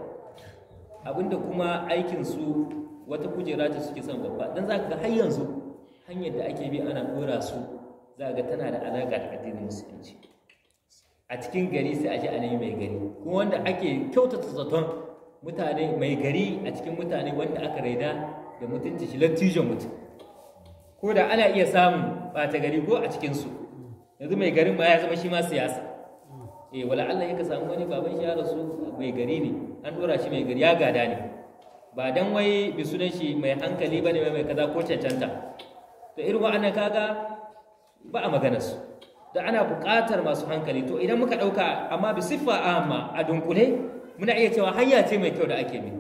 [SPEAKER 1] abinda kuma aikinsu wata kujera ta suke son babba dan za ka ga har yanzu hanyar da ake bi ana ɗora su za ga tana da alaƙa da addinin musulunci a cikin gari sai a ji a mai gari kuma wanda ake kyautata zaton mutane mai gari a cikin mutane wanda aka raida da mutunci shi lattijo mutum ko da ana iya samun ɓata gari ko a cikinsu yanzu mai garin ma ya zama shi ma siyasa eh wala Allah yaka samu wani baban shi ya rasu mai gari ne an dora shi mai gari ya gada ne ba dan wai bi sunan shi mai hankali bane mai kaza ko cancanta to irin wa'annan kaga ba a maganar da ana buƙatar masu hankali to idan muka ɗauka amma bi siffa amma a dunkule muna iya cewa hanya ce mai kyau da ake bi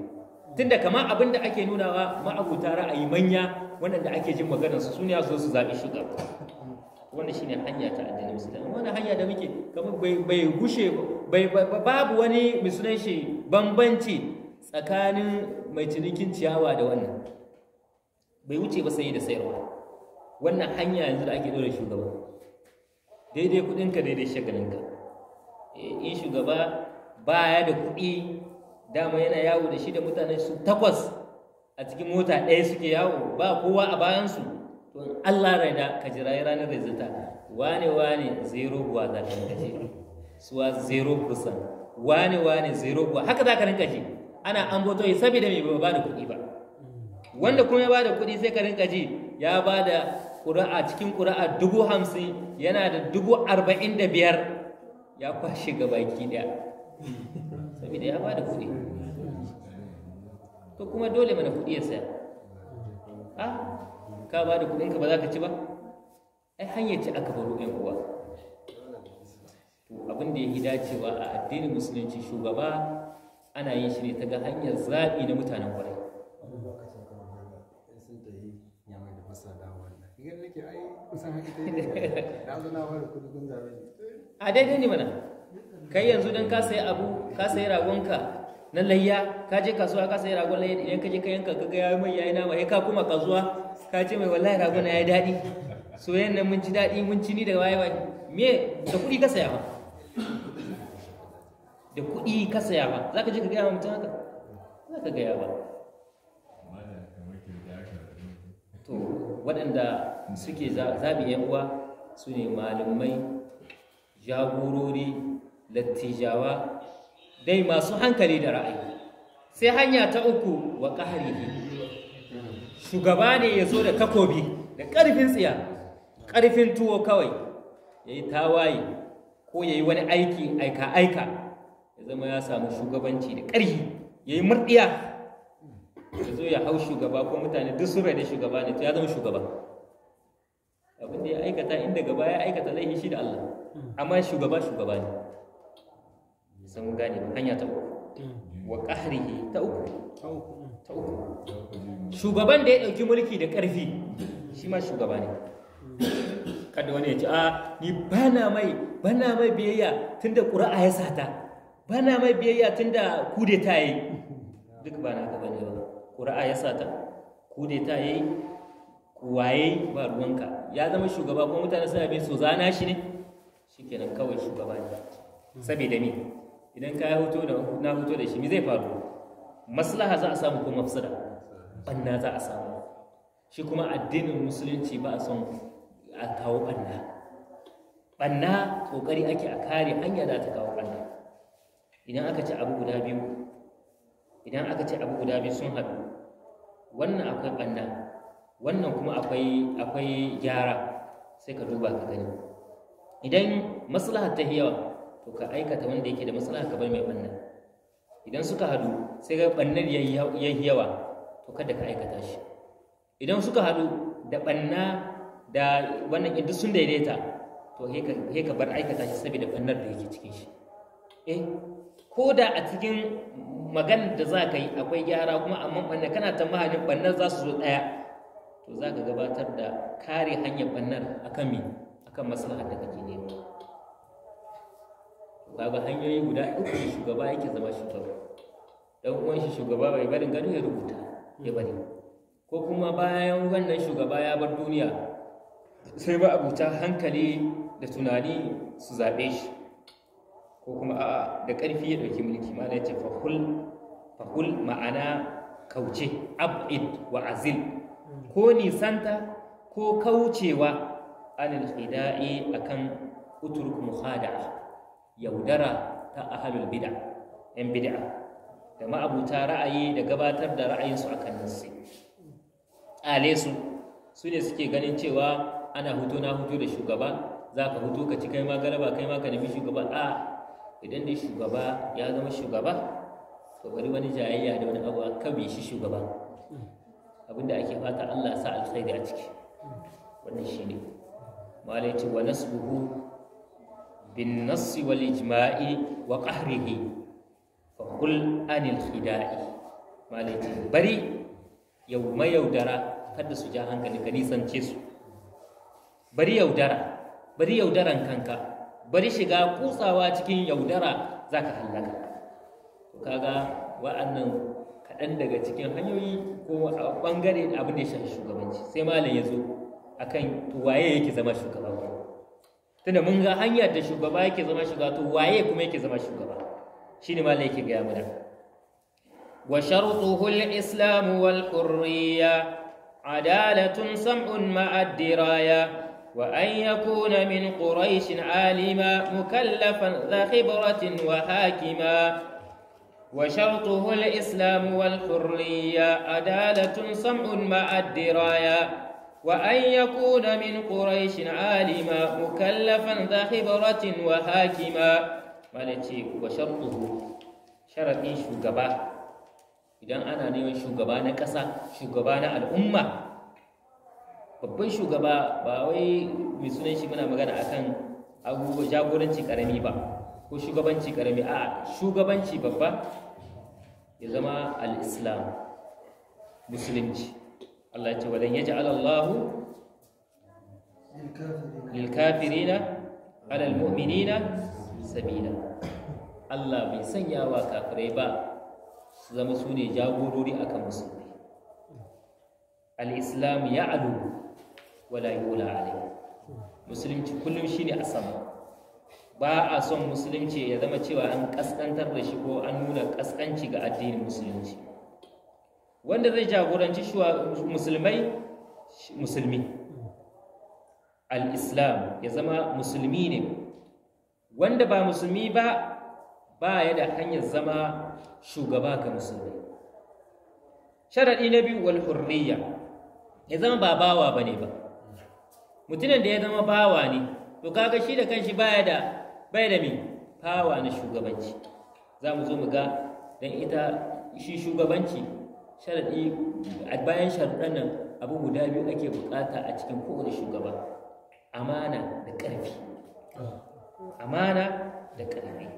[SPEAKER 1] tunda kamar abin da ake nunawa ma'abuta ra'ayi manya waɗanda ake jin maganar su ne zo su zaɓi shugaba wannan shine hanya ta addinin musulunci wannan hanya da muke kamar bai gushe babu wani misunan shi bambanci tsakanin mai cinikin ciyawa da wannan bai wuce ba sai da sayarwa wannan hanya yanzu da ake dora shugaba daidai kudinka daidai shagalinka eh, in shugaba baya da kuɗi dama yana yawo da shi da mutanen su takwas a cikin mota ɗaya suke yawo ba kowa a bayansu to in Allah raina ka jira ranar da zata wane wane zero buwa za ka rinka ce suwa zero kusan wane wane zero buwa haka za ka rinka ce ana an boto yi saboda mai ba da kuɗi ba wanda kuma ya ba da kuɗi sai ka rinka ji ya ba da ƙura'a cikin ƙura'a dubu hamsin yana da dubu arba'in da biyar ya kwashe gabaki ɗaya saboda ya bada kuɗi to kuma dole mana kuɗi ya saya a ka bada kuɗin ka ba za ka ci ba ai hanyar ci aka baro yan uwa to abin da ya yi dacewa a addinin musulunci shugaba ana yin shi ne ta ga hanyar zaɓi na mutanen kwarai a daidai ne mana kai yanzu don ka sayi abu ka sayi ragonka na layya ka je kasuwa ka sayi ragon layya idan ka je ka yanka ka ga yayi mai yayi nama ka kuma kasuwa ka ce mai wallahi ragon na yi daɗi soyayyen nan mun ji daɗi mun ci ni da waye waye me da kuɗi ka saya ba da kuɗi ka saya ba za ka je ka gaya wa mutum haka za ka gaya ba to waɗanda suke zaɓi 'yan uwa su ne malamai jagorori lattijawa dai masu hankali da ra'ayi sai hanya ta uku wa ne shugaba ne ya zo da takobi da ƙarfin tsiya ƙarfin tuwo kawai ya yi tawaye ko ya yi wani aiki aika-aika ya zama ya samu shugabanci da ƙarfi ya yi murɗiya ya zo ya hau shugaba ko mutane duk sun da shugaba ne ya zama shugaba abin da ya aikata inda gaba ya aikata laifi shi da Allah amma shugaba shugaba ne sun gane hanya ta uku mm. wa qahrihi ta uku ta uku shugaban da ya ɗauki mulki da ƙarfi shi ma shugaba ne mm. kada wani ya ci a ni bana mai bana mai biyayya tunda ƙura'a ya sata bana mai biyayya tunda kudeta yayi duk ba na gaba ne ba ƙura'a ya sata kudeta yayi waye ba ruwanka ya zama shugaba kuma mutane suna bin su zana shi ne kenan kawai shugaba ne mm. saboda ni. idan ka yi hoto na hoto da shi mi zai faru maslaha za a samu ko mafsada banna za a samu shi kuma addinin musulunci ba a son a kawo banna banna kokari ake a kare hanya za ta kawo banna idan aka ce abu guda biyu idan aka ce abu guda biyu sun haɗu wannan akwai banna wannan kuma akwai akwai gyara sai ka duba ka gani idan maslahar ta yawa to ka aikata wanda yake da matsala ka bar mai banna idan suka hadu sai ga bannar yayi yawa to kada ka aikata shi idan suka hadu da banna da wannan duk sun daidaita to he ka bar aikata shi saboda bannar da yake cikin shi eh ko da a cikin maganar da za ka yi akwai gyara kuma amma bannar kana ne bannar za su zo ɗaya to za ka gabatar da kare hanyar bannar akan mi akan a ta maslahar da kake nema kaga hanyoyi guda uku da shugaba yake zama shugaba dan uwan shi shugaba bai barin gado ya rubuta ya bari ko kuma bayan wannan shugaba ya bar duniya sai ba abuta hankali da tunani su zaɓe shi ko kuma a da ƙarfi ya ɗauki mulki ma ya ce fahul ma'ana kauce ab'id wa azil ko nisanta ko kaucewa anil a akan uturk muhada'a yaudara ta ahalul bid'a yan bid'a da ma'abuta ra'ayi da gabatar da ra'ayinsu a nassi ale su su ne suke ganin cewa ana hutu na hutu da shugaba za ka hutu ka ci kai ma galaba kai ma ka nemi shugaba a idan da shugaba ya zama shugaba to bari wani jayayya da wani abu a shi shugaba abinda ake fata Allah sa alkhairi a ciki wannan shine malai ce wa nasbuhu bin nassi wal ijma'i wa qahrihi fa qul anil khida'i bari yau yaudara kada su ja hankali ka ce su bari yaudara bari yaudaran kanka bari shiga kutsawa cikin yaudara zaka hallaka to kaga wa'annan kaɗan daga cikin hanyoyi ko a ɓangare abin da ya shugabanci sai malam ya zo akan waye yake zama shugaba tunda mun ga hanyar da shugaba yake zama shugaba to waye kuma yake zama shugaba shine ma yake gaya mana wa sharutuhu al wal adalatun sam'un ma'addiraya wa an yakuna min quraish alima mukallafan dha khibratin wa hakima وشرطه islamu والحرية عدالة adalatun sam'un ma'addiraya وأن يكون من قريش عالما مكلفا ذا خبرة وهاكما مالتي وشرطه شرط شugaba idan ana neman shugaba na ƙasa shugaba na al'umma babban shugaba ba wai mai sunan shi muna magana akan abubuwa jagoranci karami ba ko shugabanci karami a shugabanci babba ya zama al'islam musulunci Allah ya ce walan yaj'al Allahu lil kafirina al mu'minina sabila Allah bai sanya wa kafirai ba su zama su ne jagorori akan musulmi al-islam ya'lu wala yula alayhi musulunci kullum shine a sama ba a son musulunci ya zama cewa an kaskantar da shi ko an nuna kaskanci ga addinin musulunci wanda zai jagoranci musulmai musulmi al-islam ya zama musulmi ne wanda ba musulmi ba ba ya da hanyar zama shugaba ga musulmi sharaɗi na biyu wal hurriya ya zama ba bawa ba ne ba mutumin da ya zama bawa ne to kaga shi da kanshi baya da bai da fawa na shugabanci za mu zo mu ga dan ita shi shugabanci sharaɗi a bayan sharaɗan nan abu guda biyu ake buƙata a cikin kowane shugaba amana da ƙarfi amana da ƙarfi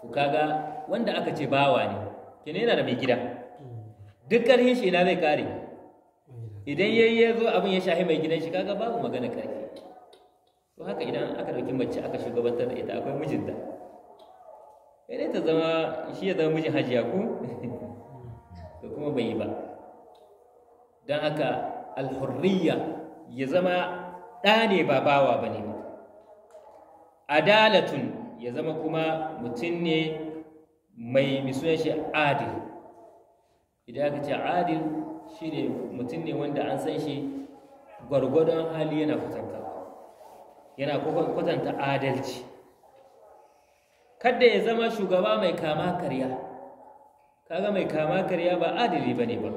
[SPEAKER 1] ku kaga wanda aka ce bawa ne kenan yana da mai gida duk ƙarfin shi na zai kare idan yayi ya zo abin ya shahi mai gidan shi kaga babu magana ƙarfi to haka idan aka ɗauki mace aka shugabantar da ita akwai mijinta sai ne ta zama shi ya zama mijin hajiya ku? da kuma bai yi ba don haka alhurriya ya zama ɗa ne ba bawa ba ne ba adalatun ya zama kuma mutum ne mai misunan shi adil idan aka ce adil shi ne mutum ne wanda an san shi gwargwadon hali yana kwatanta yana kwatanta adalci kada ya zama shugaba mai kama karya kaga mai kama karya ba adali bane ba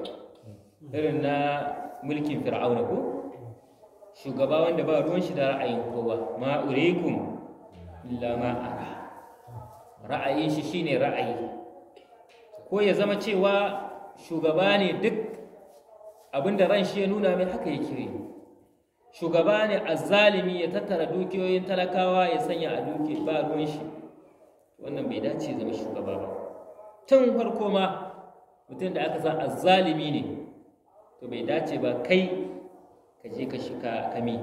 [SPEAKER 1] irin na mulkin fir'auna ko shugaba wanda ba ruwan shi da ra'ayin kowa ma urikum illa ma ara ra'ayin shi shine ra'ayi ko ya zama cewa shugaba ne duk abinda ran shi ya nuna mai haka ya kire shugaba ne azzalimi ya tattara dukiyoyin talakawa ya sanya a duke ba ruwan shi wannan bai dace zama shugaba ba tun farko ma mutum da aka san azzalimi ne to bai dace ba kai ka je ka ka kami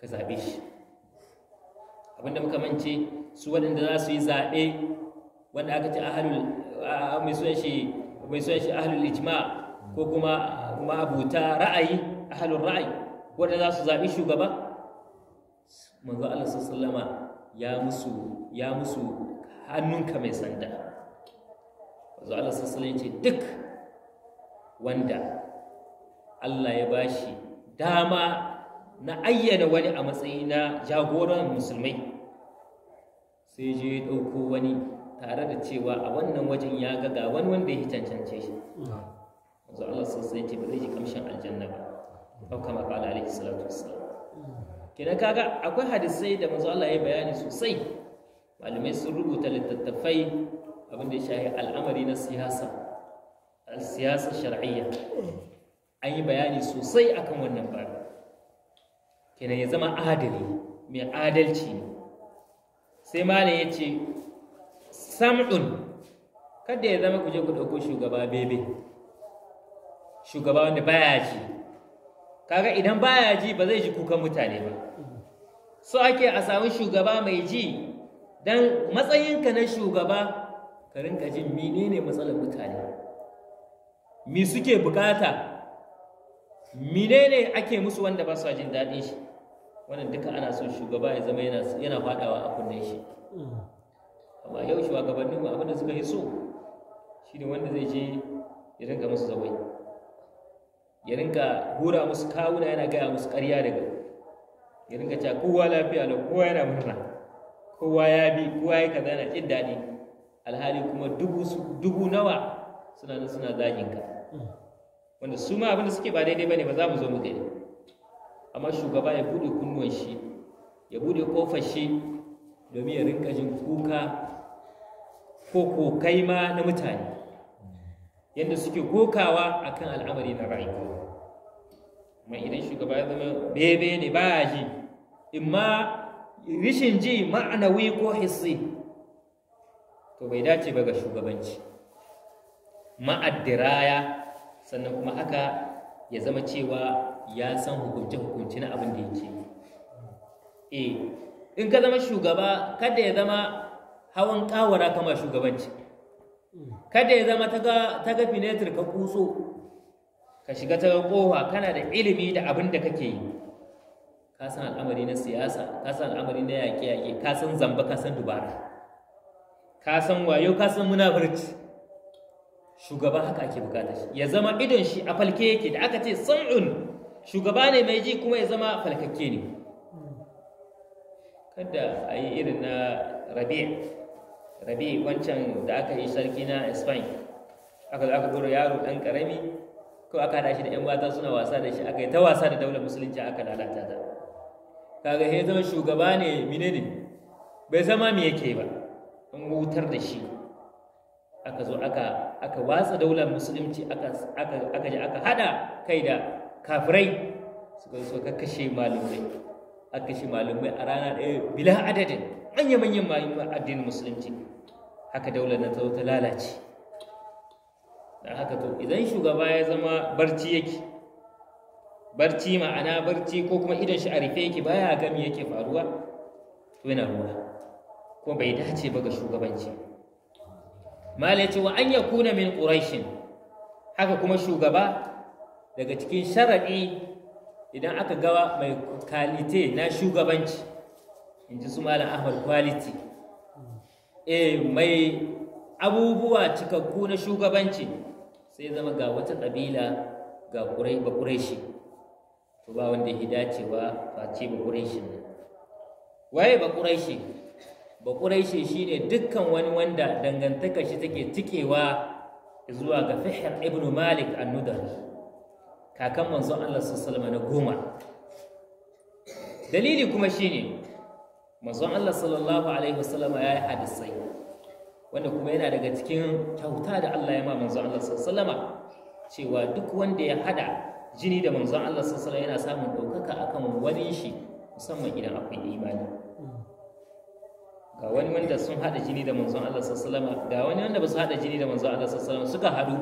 [SPEAKER 1] ka zaɓe shi abinda muka mance su waɗanda za su yi zaɓe wanda aka ce mai son shi mai son shi ahalul ijma ko kuma ma'abuta ra'ayi ahalul ra'ayi wanda za su zaɓi shugaba manzo Allah sallama ya musu ya musu hannunka mai sanda zuwa Allah ce duk wanda Allah ya bashi dama na ayyana wani a matsayi na jagoran musulmai sai je ya ɗauko wani tare da cewa a wannan wajen ya ga ga wani wanda ya cancance shi zuwa Allah sassalin ce ba zai ji kamshin aljanna ba ko kama alaihi salatu wassalam kenan kaga akwai hadisai da manzo Allah ya bayani sosai malamai sun rubuta littattafai abin da ya shahi al'amari na siyasa siyasa shar'iyya an yi bayani sosai akan wannan ba. kenan ya zama adali mai adalci sai malam ya ce sam'un kada ya zama kuje ku ɗauko shugaba bebe shugaba wanda baya ji kaga idan baya ji ba zai ji kukan mutane ba so ake a samu shugaba mai ji don matsayinka na shugaba ka rinka jin menene matsalar mutane mi suke bukata menene ake musu wanda ba su jin daɗin shi wannan duka ana son shugaba ya zama yana yana fadawa a kunnen shi amma yau shugabannin mu abinda suka yi so shine wanda zai je ya rinka musu zawai ya rinka hura musu kawuna yana gaya musu ƙarya daga ya rinka cewa kowa lafiya lau kowa yana murna kowa ya bi kowa ya kaza yana jin daɗi alhali kuma dubu nawa suna nan suna zagin ka wanda su ma abinda suke ba daidai bane ba za mu zo mu gani amma shugaba ya bude kunnuwan shi ya bude kofar shi domin ya rinka jin kuka ko kokai ma na mutane yadda suke kokawa akan al'amari na rayuwa mai idan shugaba ya zama bebe ne ba ji in ma rishin ji ma'anawi ko hissi to bai dace ba ga shugabanci ma'addiraya sannan kuma haka ya zama cewa ya san hukuncin hukunci na abin da yake e in ka zama shugaba kada ya zama hawan kawara kama shugabanci kada ya zama ta ga finetir ka kuso ka shiga ta kowa kana da ilimi da abin da kake yi ka san al'amari na siyasa ka san al'amari na yaƙe-yaƙe ka san zamba ka san dubara ka san wayo ka san munafurci shugaba haka ake bukata shi ya zama idon shi a falke yake da aka ce sam'un shugaba ne mai ji kuma ya zama falkakke ne kada a yi irin na rabi rabi wancan da aka yi sarki na spain aka aka yaro dan karami ko aka hada shi da yan mata suna wasa da shi aka yi ta wasa da daular musulunci aka lalata ta kaga he zama shugaba ne menene bai zama me yake ba an wutar da shi aka zo aka aka watsa daular musulunci aka aka aka aka hada kai da kafirai su ga ka kashe malumai aka shi malumai a rana daya bila adadin manya manyan malumai addinin musulunci haka daular na ta lalace da haka to idan shugaba ya zama barci yake barci ma'ana barci ko kuma idan shi a rufe yake baya gami yake faruwa to yana ruwa ko bai dace ba ga shugabanci malai ce wa an ya kuna min ƙuraishin haka kuma shugaba daga cikin sharaɗi idan aka gawa mai kalite na shugabanci in ji su malam ahmad quality Eh mai abubuwa cikakku na shugabanci sai zama ga wata ƙabila ga ƙurai ba ƙuraishi ba wanda ya dacewa ba ba ƙuraishin waye ba ƙuraishi ba ƙuraishe shi ne dukkan wani wanda dangantaka shi take tikewa zuwa ga fahim ibn malik annudar kakan manzon allah sallama na goma dalili kuma shi ne manzon allah sallallahu alaihi wasallama ya yi hadisai wanda kuma yana daga cikin kyauta da allah ya ma manzon allah sallama cewa duk wanda ya hada jini da manzon allah sallama yana samun ɗaukaka akan wani shi musamman idan akwai imani ga wani wanda sun haɗa jini da manzon Allah sallallahu ga wani wanda ba su haɗa jini da manzon Allah sallallahu suka haɗu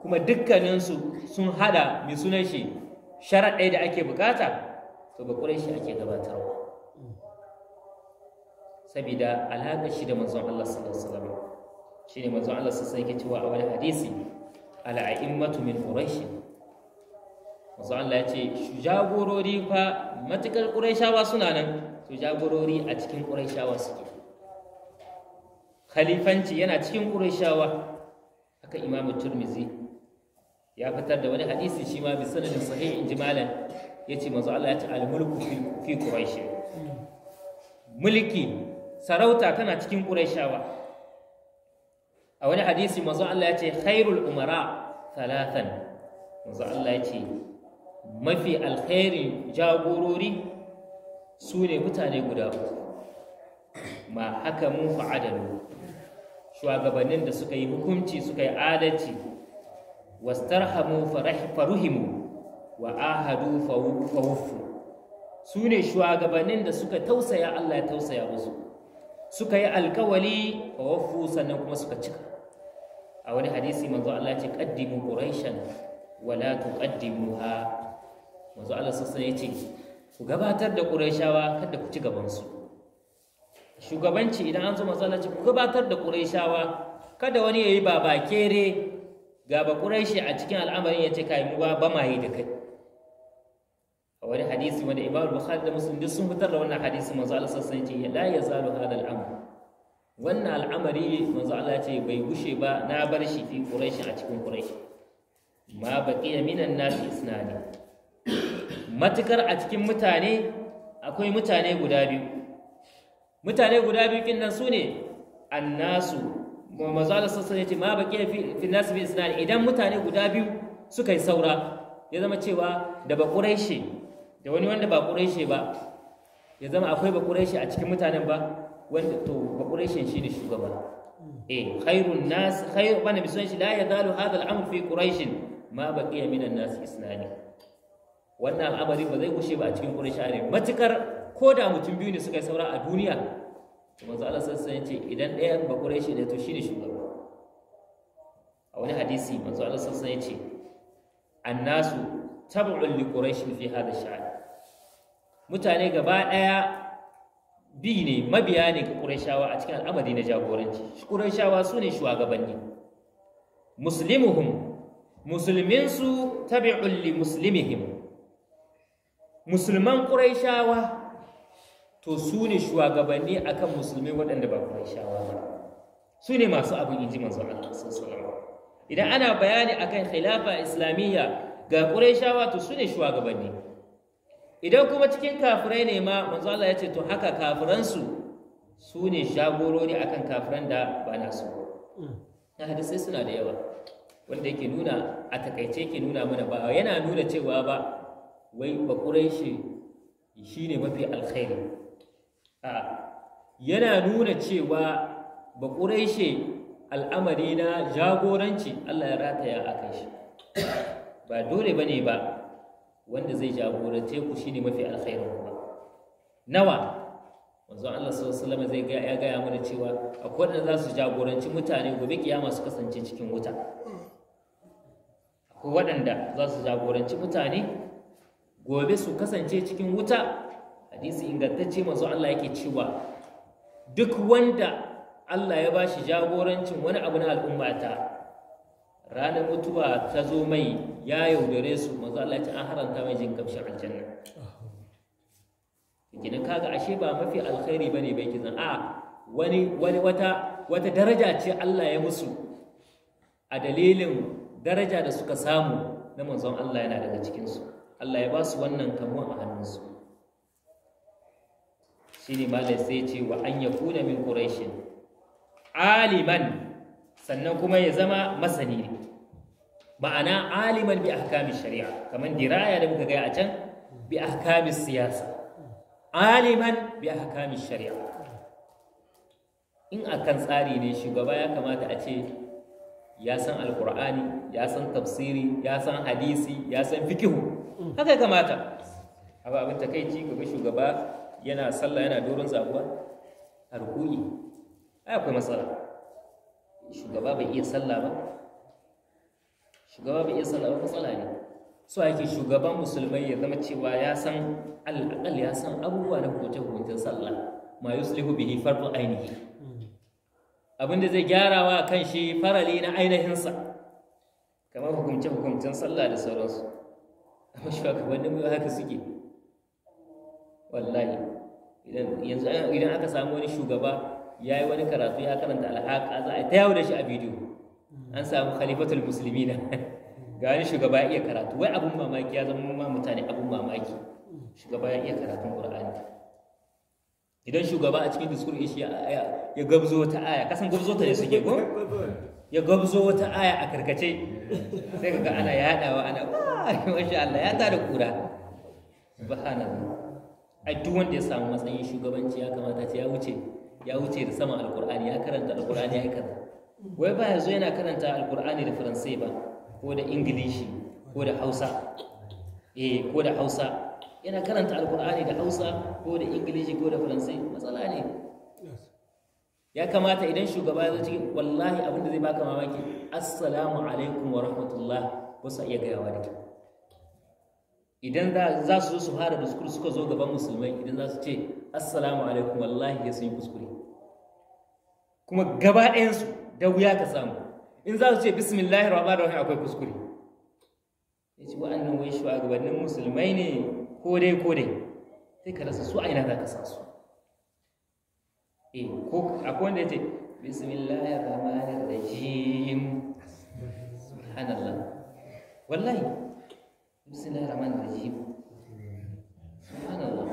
[SPEAKER 1] kuma dukkaninsu sun haɗa mai sunan shi sharaɗai da ake bukata to ba shi ake gabatarwa saboda alaƙar shi da manzon Allah sallallahu alaihi wasallam shine manzon Allah sallallahu alaihi wasallam yake cewa a wani hadisi al'a'immatu min quraish manzon Allah ya ce jagorori fa matukar quraishawa suna nan to jagorori a cikin quraishawa suke khalifanci yana cikin qurayshawa aka imamu turmizi ya fitar da wani hadisi shi ma bi sanadin sahih injimalan ce, mazu Allah ya ce al mulku fi quraish mulki sarauta tana cikin qurayshawa a wani hadisi mazu Allah ya ce khairul umara thalathan mazu Allah ya ce mafi alkhairin jagorori su ne mutane guda uku ma haka mun fa'adalu shugabannin da suka yi hukunci suka yi adalci wastarhamu faruhimu wa ahadu fawuffu su ne shugabannin da suka tausaya Allah ya tausaya musu suka yi alkawali fawuffu sannan kuma suka cika a wani hadisi manzo Allah ce qaddimu quraishan wala tuqaddimuha manzo Allah sassa ne ce ku gabatar da quraishawa kada ku ci gaban su shugabanci idan an zo masallaci ku gabatar da ƙurayshawa kada wani ya yayi baba kere ga ba ƙurayshi a cikin al'amarin ya ce kai mu ba ba mai da kai a wani hadisi wanda Imam Bukhari da Muslim sun fitar da wannan hadisi manzo Allah sallallahu alaihi wasallam ya la yazalu hada al'amr wannan al'amari manzo Allah ce bai gushe ba na bar shi fi ƙurayshi a cikin ƙurayshi ma baqiya minan nasi isnani matukar a cikin mutane akwai mutane guda biyu mutane guda biyu kin nan su ne annasu manzo Allah sassan ya ce ma baqiya fi nas bi isnad idan mutane guda biyu suka yi saura ya zama cewa da baƙuraishe. da wani wanda ba quraishi ba ya zama akwai baƙuraishe a cikin mutanen ba wanda to baƙuraishen quraishin shi ne shugaban eh khairun nas khairu bana bi shi la yadalu hadha al-amr fi quraish ma baqiya min an-nas isnad wannan al'amari ba zai gushe ba a cikin quraishi ne matukar ko da mutum biyu ne suka yi saura a duniya manzo Allah sassan ya ce idan ɗayan ba Quraishi ne to shine shugaba a wani hadisi manzo Allah sassan ya ce annasu tab'un li Quraish fi hada sha'r mutane gaba ɗaya bi ne mabiya ne ga Qurayshawa a cikin al'amari na jagoranci Qurayshawa su ne shugabanni muslimuhum musulminsu tabi'un li muslimihim musulman Qurayshawa to su ne shugabanni akan musulmi waɗanda ba shawa ba su ne masu abin inji manzo Allah sallallahu idan ana bayani akan khilafa islamiyya ga shawa to su ne shugabanni idan kuma cikin kafirai ne ma manzo Allah ya ce to haka kafiransu su ne shagorori akan kafiran da ba na su na mm. hadisai suna da yawa wanda yake nuna a takaice yake nuna mana ba yana nuna cewa ba wai ba shi ne mafi alkhairi yana nuna cewa ba ƙuraishe al'amari na jagoranci Allah ya rataya a kan shi ba dole ba ne ba wanda zai jagorance ku shi ne mafi alkhairun ba nawa wanzu Allah Sallama zai ya gaya mana cewa akwai waɗanda za su jagoranci mutane gobe kiyama su kasance cikin wuta akwai waɗanda za su jagoranci mutane gobe su kasance cikin wuta hadisi ingantacce manzo Allah yake cewa duk wanda Allah ya bashi jagorancin wani abu na al'umma ta ranar mutuwa ta zo mai ya yaudare su manzo Allah ce an haranta mai jin kamshin aljanna kina kaga ashe ba mafi alkhairi bane bai kizan a wani wani wata wata daraja ce Allah ya musu a dalilin daraja da suka samu na manzon Allah yana daga cikinsu Allah ya ba su wannan kamuwa a hannunsu shine malam sai ce wa an yakuna min quraish aliman sannan kuma ya zama masani ne ma'ana aliman bi ahkami shari'a kamar diraya da muka gaya a can bi ahkami siyasa aliman bi ahkami shari'a in akan tsari ne shugaba ya kamata a ce ya san alkur'ani ya san tafsiri ya san hadisi ya san fikihu haka kamata abu abin takaici gaba shugaba yana sallah yana doron zaɓuwa a rukuni ai akwai matsala shugaba bai iya sallah ba shugaba bai iya sallah ba matsala ne so ake shugaban musulmai ya zama cewa ya san al'aqal ya san abubuwa na hukunce hukuncen sallah ma yuslihu bihi fardu ainihi abin da zai gyarawa kan shi farali na ainihinsa kamar hukumce hukumcen sallah da sauransu amma shugabannin mu haka suke wallahi idan aka samu wani shugaba ya yi wani karatu ya karanta alhaƙa za a ta yawo da shi a bidiyo an samu khalifatul Musulmina. na ga wani shugaba ya iya karatu wai abun mamaki ya zama ma mutane abun mamaki shugaba ya iya karatun Al-Qur'ani. idan shugaba a cikin diskur ishi ya gabzo wata aya kasan gabzo ta ne suke ko ya gabzo wata aya a karkace sai ka ga ana yadawa ana wa masha Allah ya tada kura subhanallah ai duk wanda ya samu matsayin shugabanci ya kamata ce ya wuce ya wuce da saman alkur'ani ya karanta alkur'ani ya karanta wai ba yanzu yana karanta alkur'ani da faransai ba ko da ingilishi ko da hausa eh ko da hausa yana karanta alkur'ani da hausa ko da ingilishi ko da faransai matsala ne ya kamata idan shugaba ya zo wallahi abin da zai baka mamaki assalamu alaikum wa rahmatullah ba su iya gayawa da kyau idan za su zo su fara diskur suka zo gaban musulmai idan za su ce assalamu alaikum wallahi ya sun yi kuskure kuma gaba ɗayansu da wuya ka samu in za su ce bismillahir rahmanir rahim akwai kuskure ya ce wa'annan wai shugabannin musulmai ne ko dai ko dai sai ka rasa su a ina za ka sa su eh ko akwai wanda ya ce bismillahir rahmanir rahim subhanallah wallahi بسم الله الرحمن الرحيم سبحان الله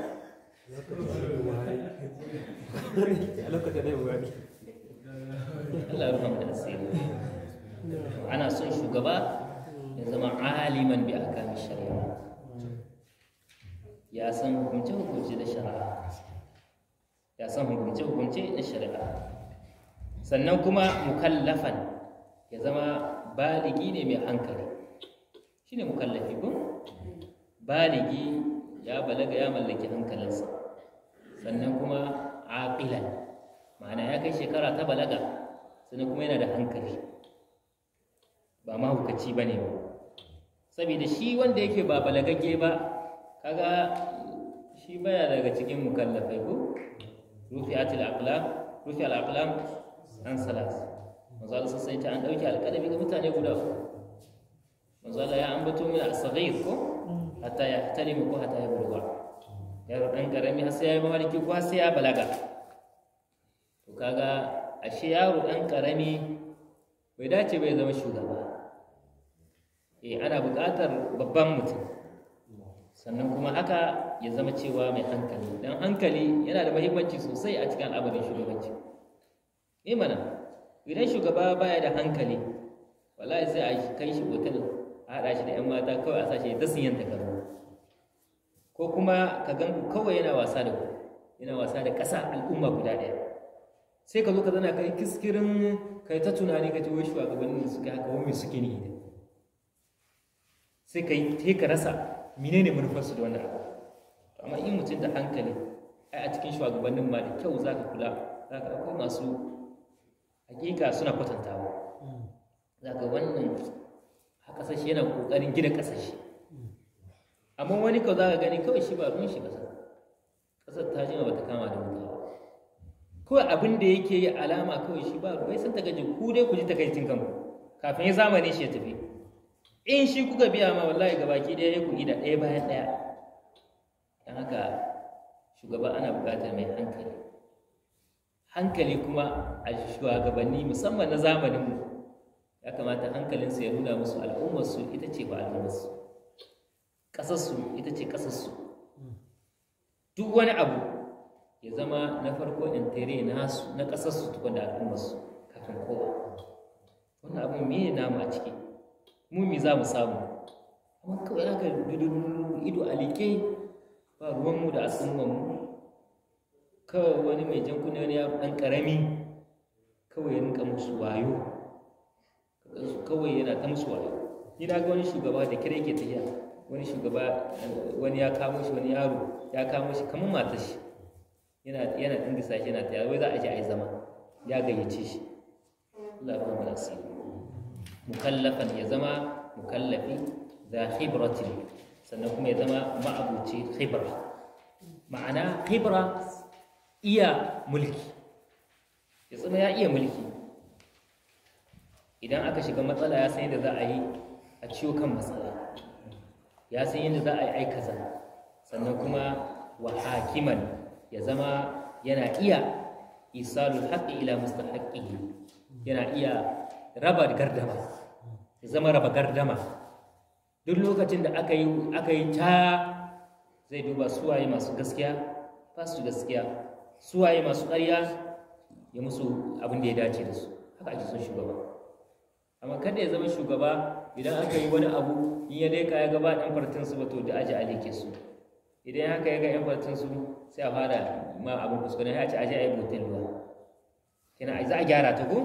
[SPEAKER 1] Allah ya asiri ana son shugaba ya zama aliman bi akamin shari'a ya san hukunce hukunce na shari'a ya san hukunce hukunce shari'a sannan kuma mukallafan ya zama baligi ne mai hankali ne mukallafi ko baligi ya balaga ya mallaki hankalinsa sannan kuma aqilan ma'ana ya kai shekara ta balaga sannan kuma yana da hankali ba mahukaci ba ne ba saboda shi wanda yake ba balagagge ba kaga shi baya daga cikin mukallafai ko rufi'atul aqlam al aqlam an salas manzo sai ta an dauki alƙalami ga mutane guda uku manzo Allah ya ambato mana a saghir ko mm. hatta ya mu ko hatta ya bulugha yaro dan karami har sai ya mawarki ko sai ya balaga to kaga ashe yaro dan karami bai dace bai zama shugaba eh ana buƙatar babban mutum sannan kuma haka ya zama cewa mai hankali dan hankali yana da muhimmanci sosai a cikin al'amarin shugabanci Ni eh mana idan shugaba baya da hankali wallahi sai a kai shi hotel a haɗa shi da 'yan mata kawai a sashi da sun yanta karo ko kuma ka gan ku kawai yana wasa da ku yana wasa da ƙasa al'umma guda ɗaya sai ka zo ka zana kai kiskirin kai ta tunani ka ji wai shugabannin da suka haka wani suke ni sai ka yi ka rasa menene manufarsu da wannan abu amma in mutum da hankali ai a cikin shugabannin ma da kyau za ka kula za ka akwai masu hakika suna kwatantawa hmm. za ka wannan a ƙasar shi yana ƙoƙarin gina ƙasar shi amma wani kawai za ka gani kawai shi ba ruwan shi ƙasa ƙasar ta jima bata kama da wuta kawai abin da yake yi alama kawai shi ba ruwa sun takaji ku dai ku ji takaicin kanku kafin ya zamani shi ya tafi in shi kuka biya ma wallahi baki ɗaya ya ku gida ɗaya bayan ɗaya don haka shugaba ana buƙatar mai hankali hankali kuma a shugabanni musamman na zamaninmu ya kamata hankalinsu ya nuna musu al'ummarsu ita ce ba al'ummarsu ƙasarsu ita ce ƙasarsu duk wani abu ya zama na farko intere nasu na ƙasarsu tukun da al'ummarsu kafin kowa wannan abin me ne namu a ciki mu me za mu samu amma kawai haka ido a liƙe ba ruwanmu da al'ummarmu kawai wani mai jan kunne wani ɗan ƙarami kawai ya rinka musu wayo kawai yana ta musu wayo ni na ga wani shugaba da kira yake tafiya wani shugaba wani ya kamo shi wani yaro ya kamo shi kamar matar shi yana yana dingisa shi yana tayar wai za a je a yi zama ya gayyace shi Allah ba mu nasiri mukallafan ya zama mukallafi da khibratin sannan kuma ya zama ma'abuci khibra ma'ana khibra iya mulki ya zama ya iya mulki idan aka shiga matsala ya san yadda za a yi a ciwo kan matsala ya san yadda za a yi aika zama sannan kuma wa hakiman ya zama yana iya isalu haƙi ila mustahaqihi yana iya raba gardama ya zama raba gardama duk lokacin da aka yi aka ta zai duba suwaye masu gaskiya ba su gaskiya suwaye masu ƙarya ya musu abin da ya dace da su haka ake son shugaba amma kada ya zama shugaba idan aka yi wani abu in ya leka ya gaba ɗan fartin su bato da aji ke su idan haka ya ga ɗan fartin su sai a fara ma abin kuskure ya ce aji a yi botel ba kina za a gyara ta ko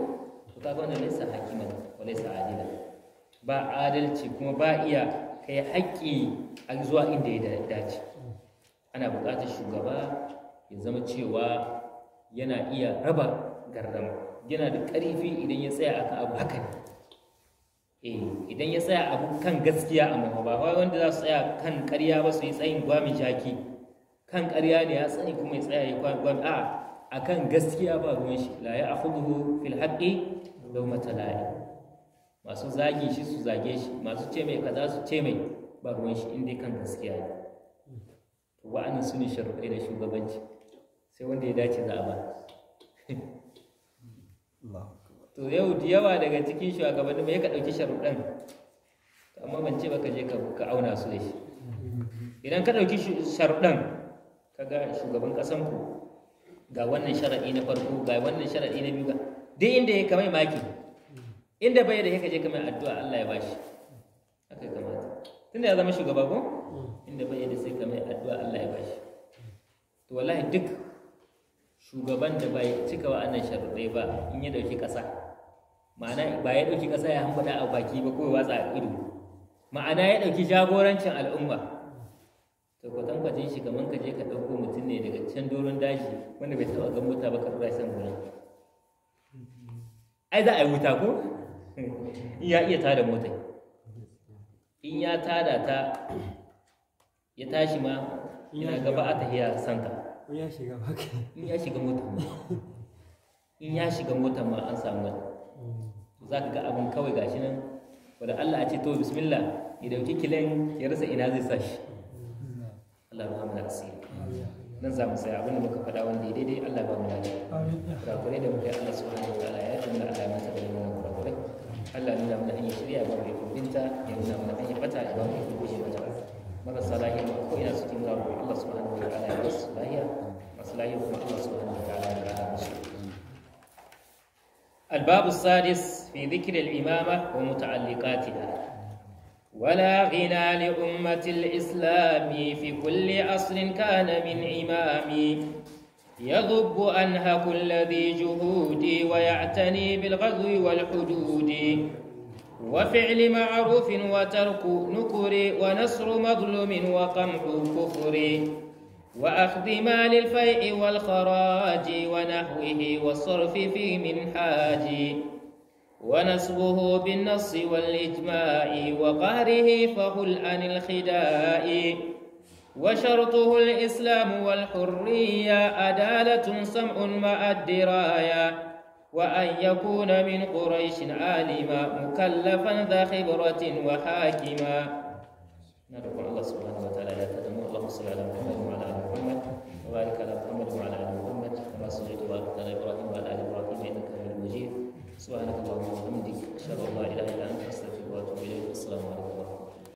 [SPEAKER 1] to ka ga wannan laysa hakiman wa laysa adila ba adalci kuma ba iya kai haƙƙi a zuwa inda ya dace ana buƙatar shugaba ya zama cewa yana iya raba garrama yana da ƙarfi idan ya tsaya akan abu haka ne Eh, idan ya tsaya abu kan gaskiya a mahu ba wai wanda za su tsaya kan karya ba su yi tsayin gwamin shaki kan karya ne ya tsayi kuma ya tsaya ya gwamin a a kan gaskiya ba ruwan shi la ya akhuduhu fil haqqi law matalai masu zagi shi su zage shi masu ce mai kaza su ce mai ba ruwan shi inda kan gaskiya ne wa'annan su ne sharuɗai da shugabanci sai wanda ya dace za a ba to yau da yawa daga cikin shugabanni mai ka ɗauki sharuɗan amma ban ce baka je ka auna su da shi idan ka ɗauki sharuɗan ka ga shugaban ƙasan ku ga wannan sharaɗi na farko ga wannan sharaɗi na biyu ga duk inda ya kamai maki inda bai da ya kaje kamar addu'a Allah ya bashi haka kamata tunda ya zama shugaba ko inda bai da sai kamar addu'a Allah ya bashi to wallahi duk shugaban da bai cika wa annan sharuɗai ba in ya dauki ƙasa ma'ana ba ya ɗauki ƙasa ya hambaɗa a baki ba kawai watsa a ido ma'ana ya ɗauki jagorancin al'umma to kwatankwacin shi kamar ka je ka ɗauko mutum ne daga can doron daji wanda bai taɓa gan wuta ba ka ɗora san wurin ai za a yi wuta ko in ya iya tada mota in ya tada ta ya tashi ma yana gaba a tahiya santa in ya shiga mota in ya shiga mota ma an samu wani za ka ga abin kawai gashi nan wadda Allah a ce to bismillah ya dauki kilan ya rasa ina zai sa shi Allah ya rahama asiri nan za mu tsaya abin da muka faɗa wanda ya daidai Allah ba mu dace kurakurai da muka yi Allah subhanahu wa ta'ala ya tunda Allah ya tabbata mana kurakurai Allah nuna mana hanyar shirya ba mu yi binta ya nuna mana hanyar bata ya ba mu yi guje mata marasa lahiya ba ko ina cikin mura Allah subhanahu wa ta'ala ya basu lahiya masu lahiya kuma Allah subhanahu wa ta'ala ya rada الباب السادس في ذكر الإمامة ومتعلقاتها ولا غنى لأمة الإسلام في كل عصر كان من إمام يضب عنها كل ذي جهود ويعتني بالغزو والحدود وفعل معروف وترك نكر ونصر مظلم وقمح كفر وأخذ مال الفيء والخراج ونحوه والصرف في منحاج ونسبه بالنص والإجماع وقهره فهل عن الخداء وشرطه الإسلام والحرية أدالة سمع مع الدراية وأن يكون من قريش عالما مكلفا ذا خبرة وحاكما ندعو الله سبحانه وتعالى يا اللهم صل على محمد وعلى آل محمد وبارك على محمد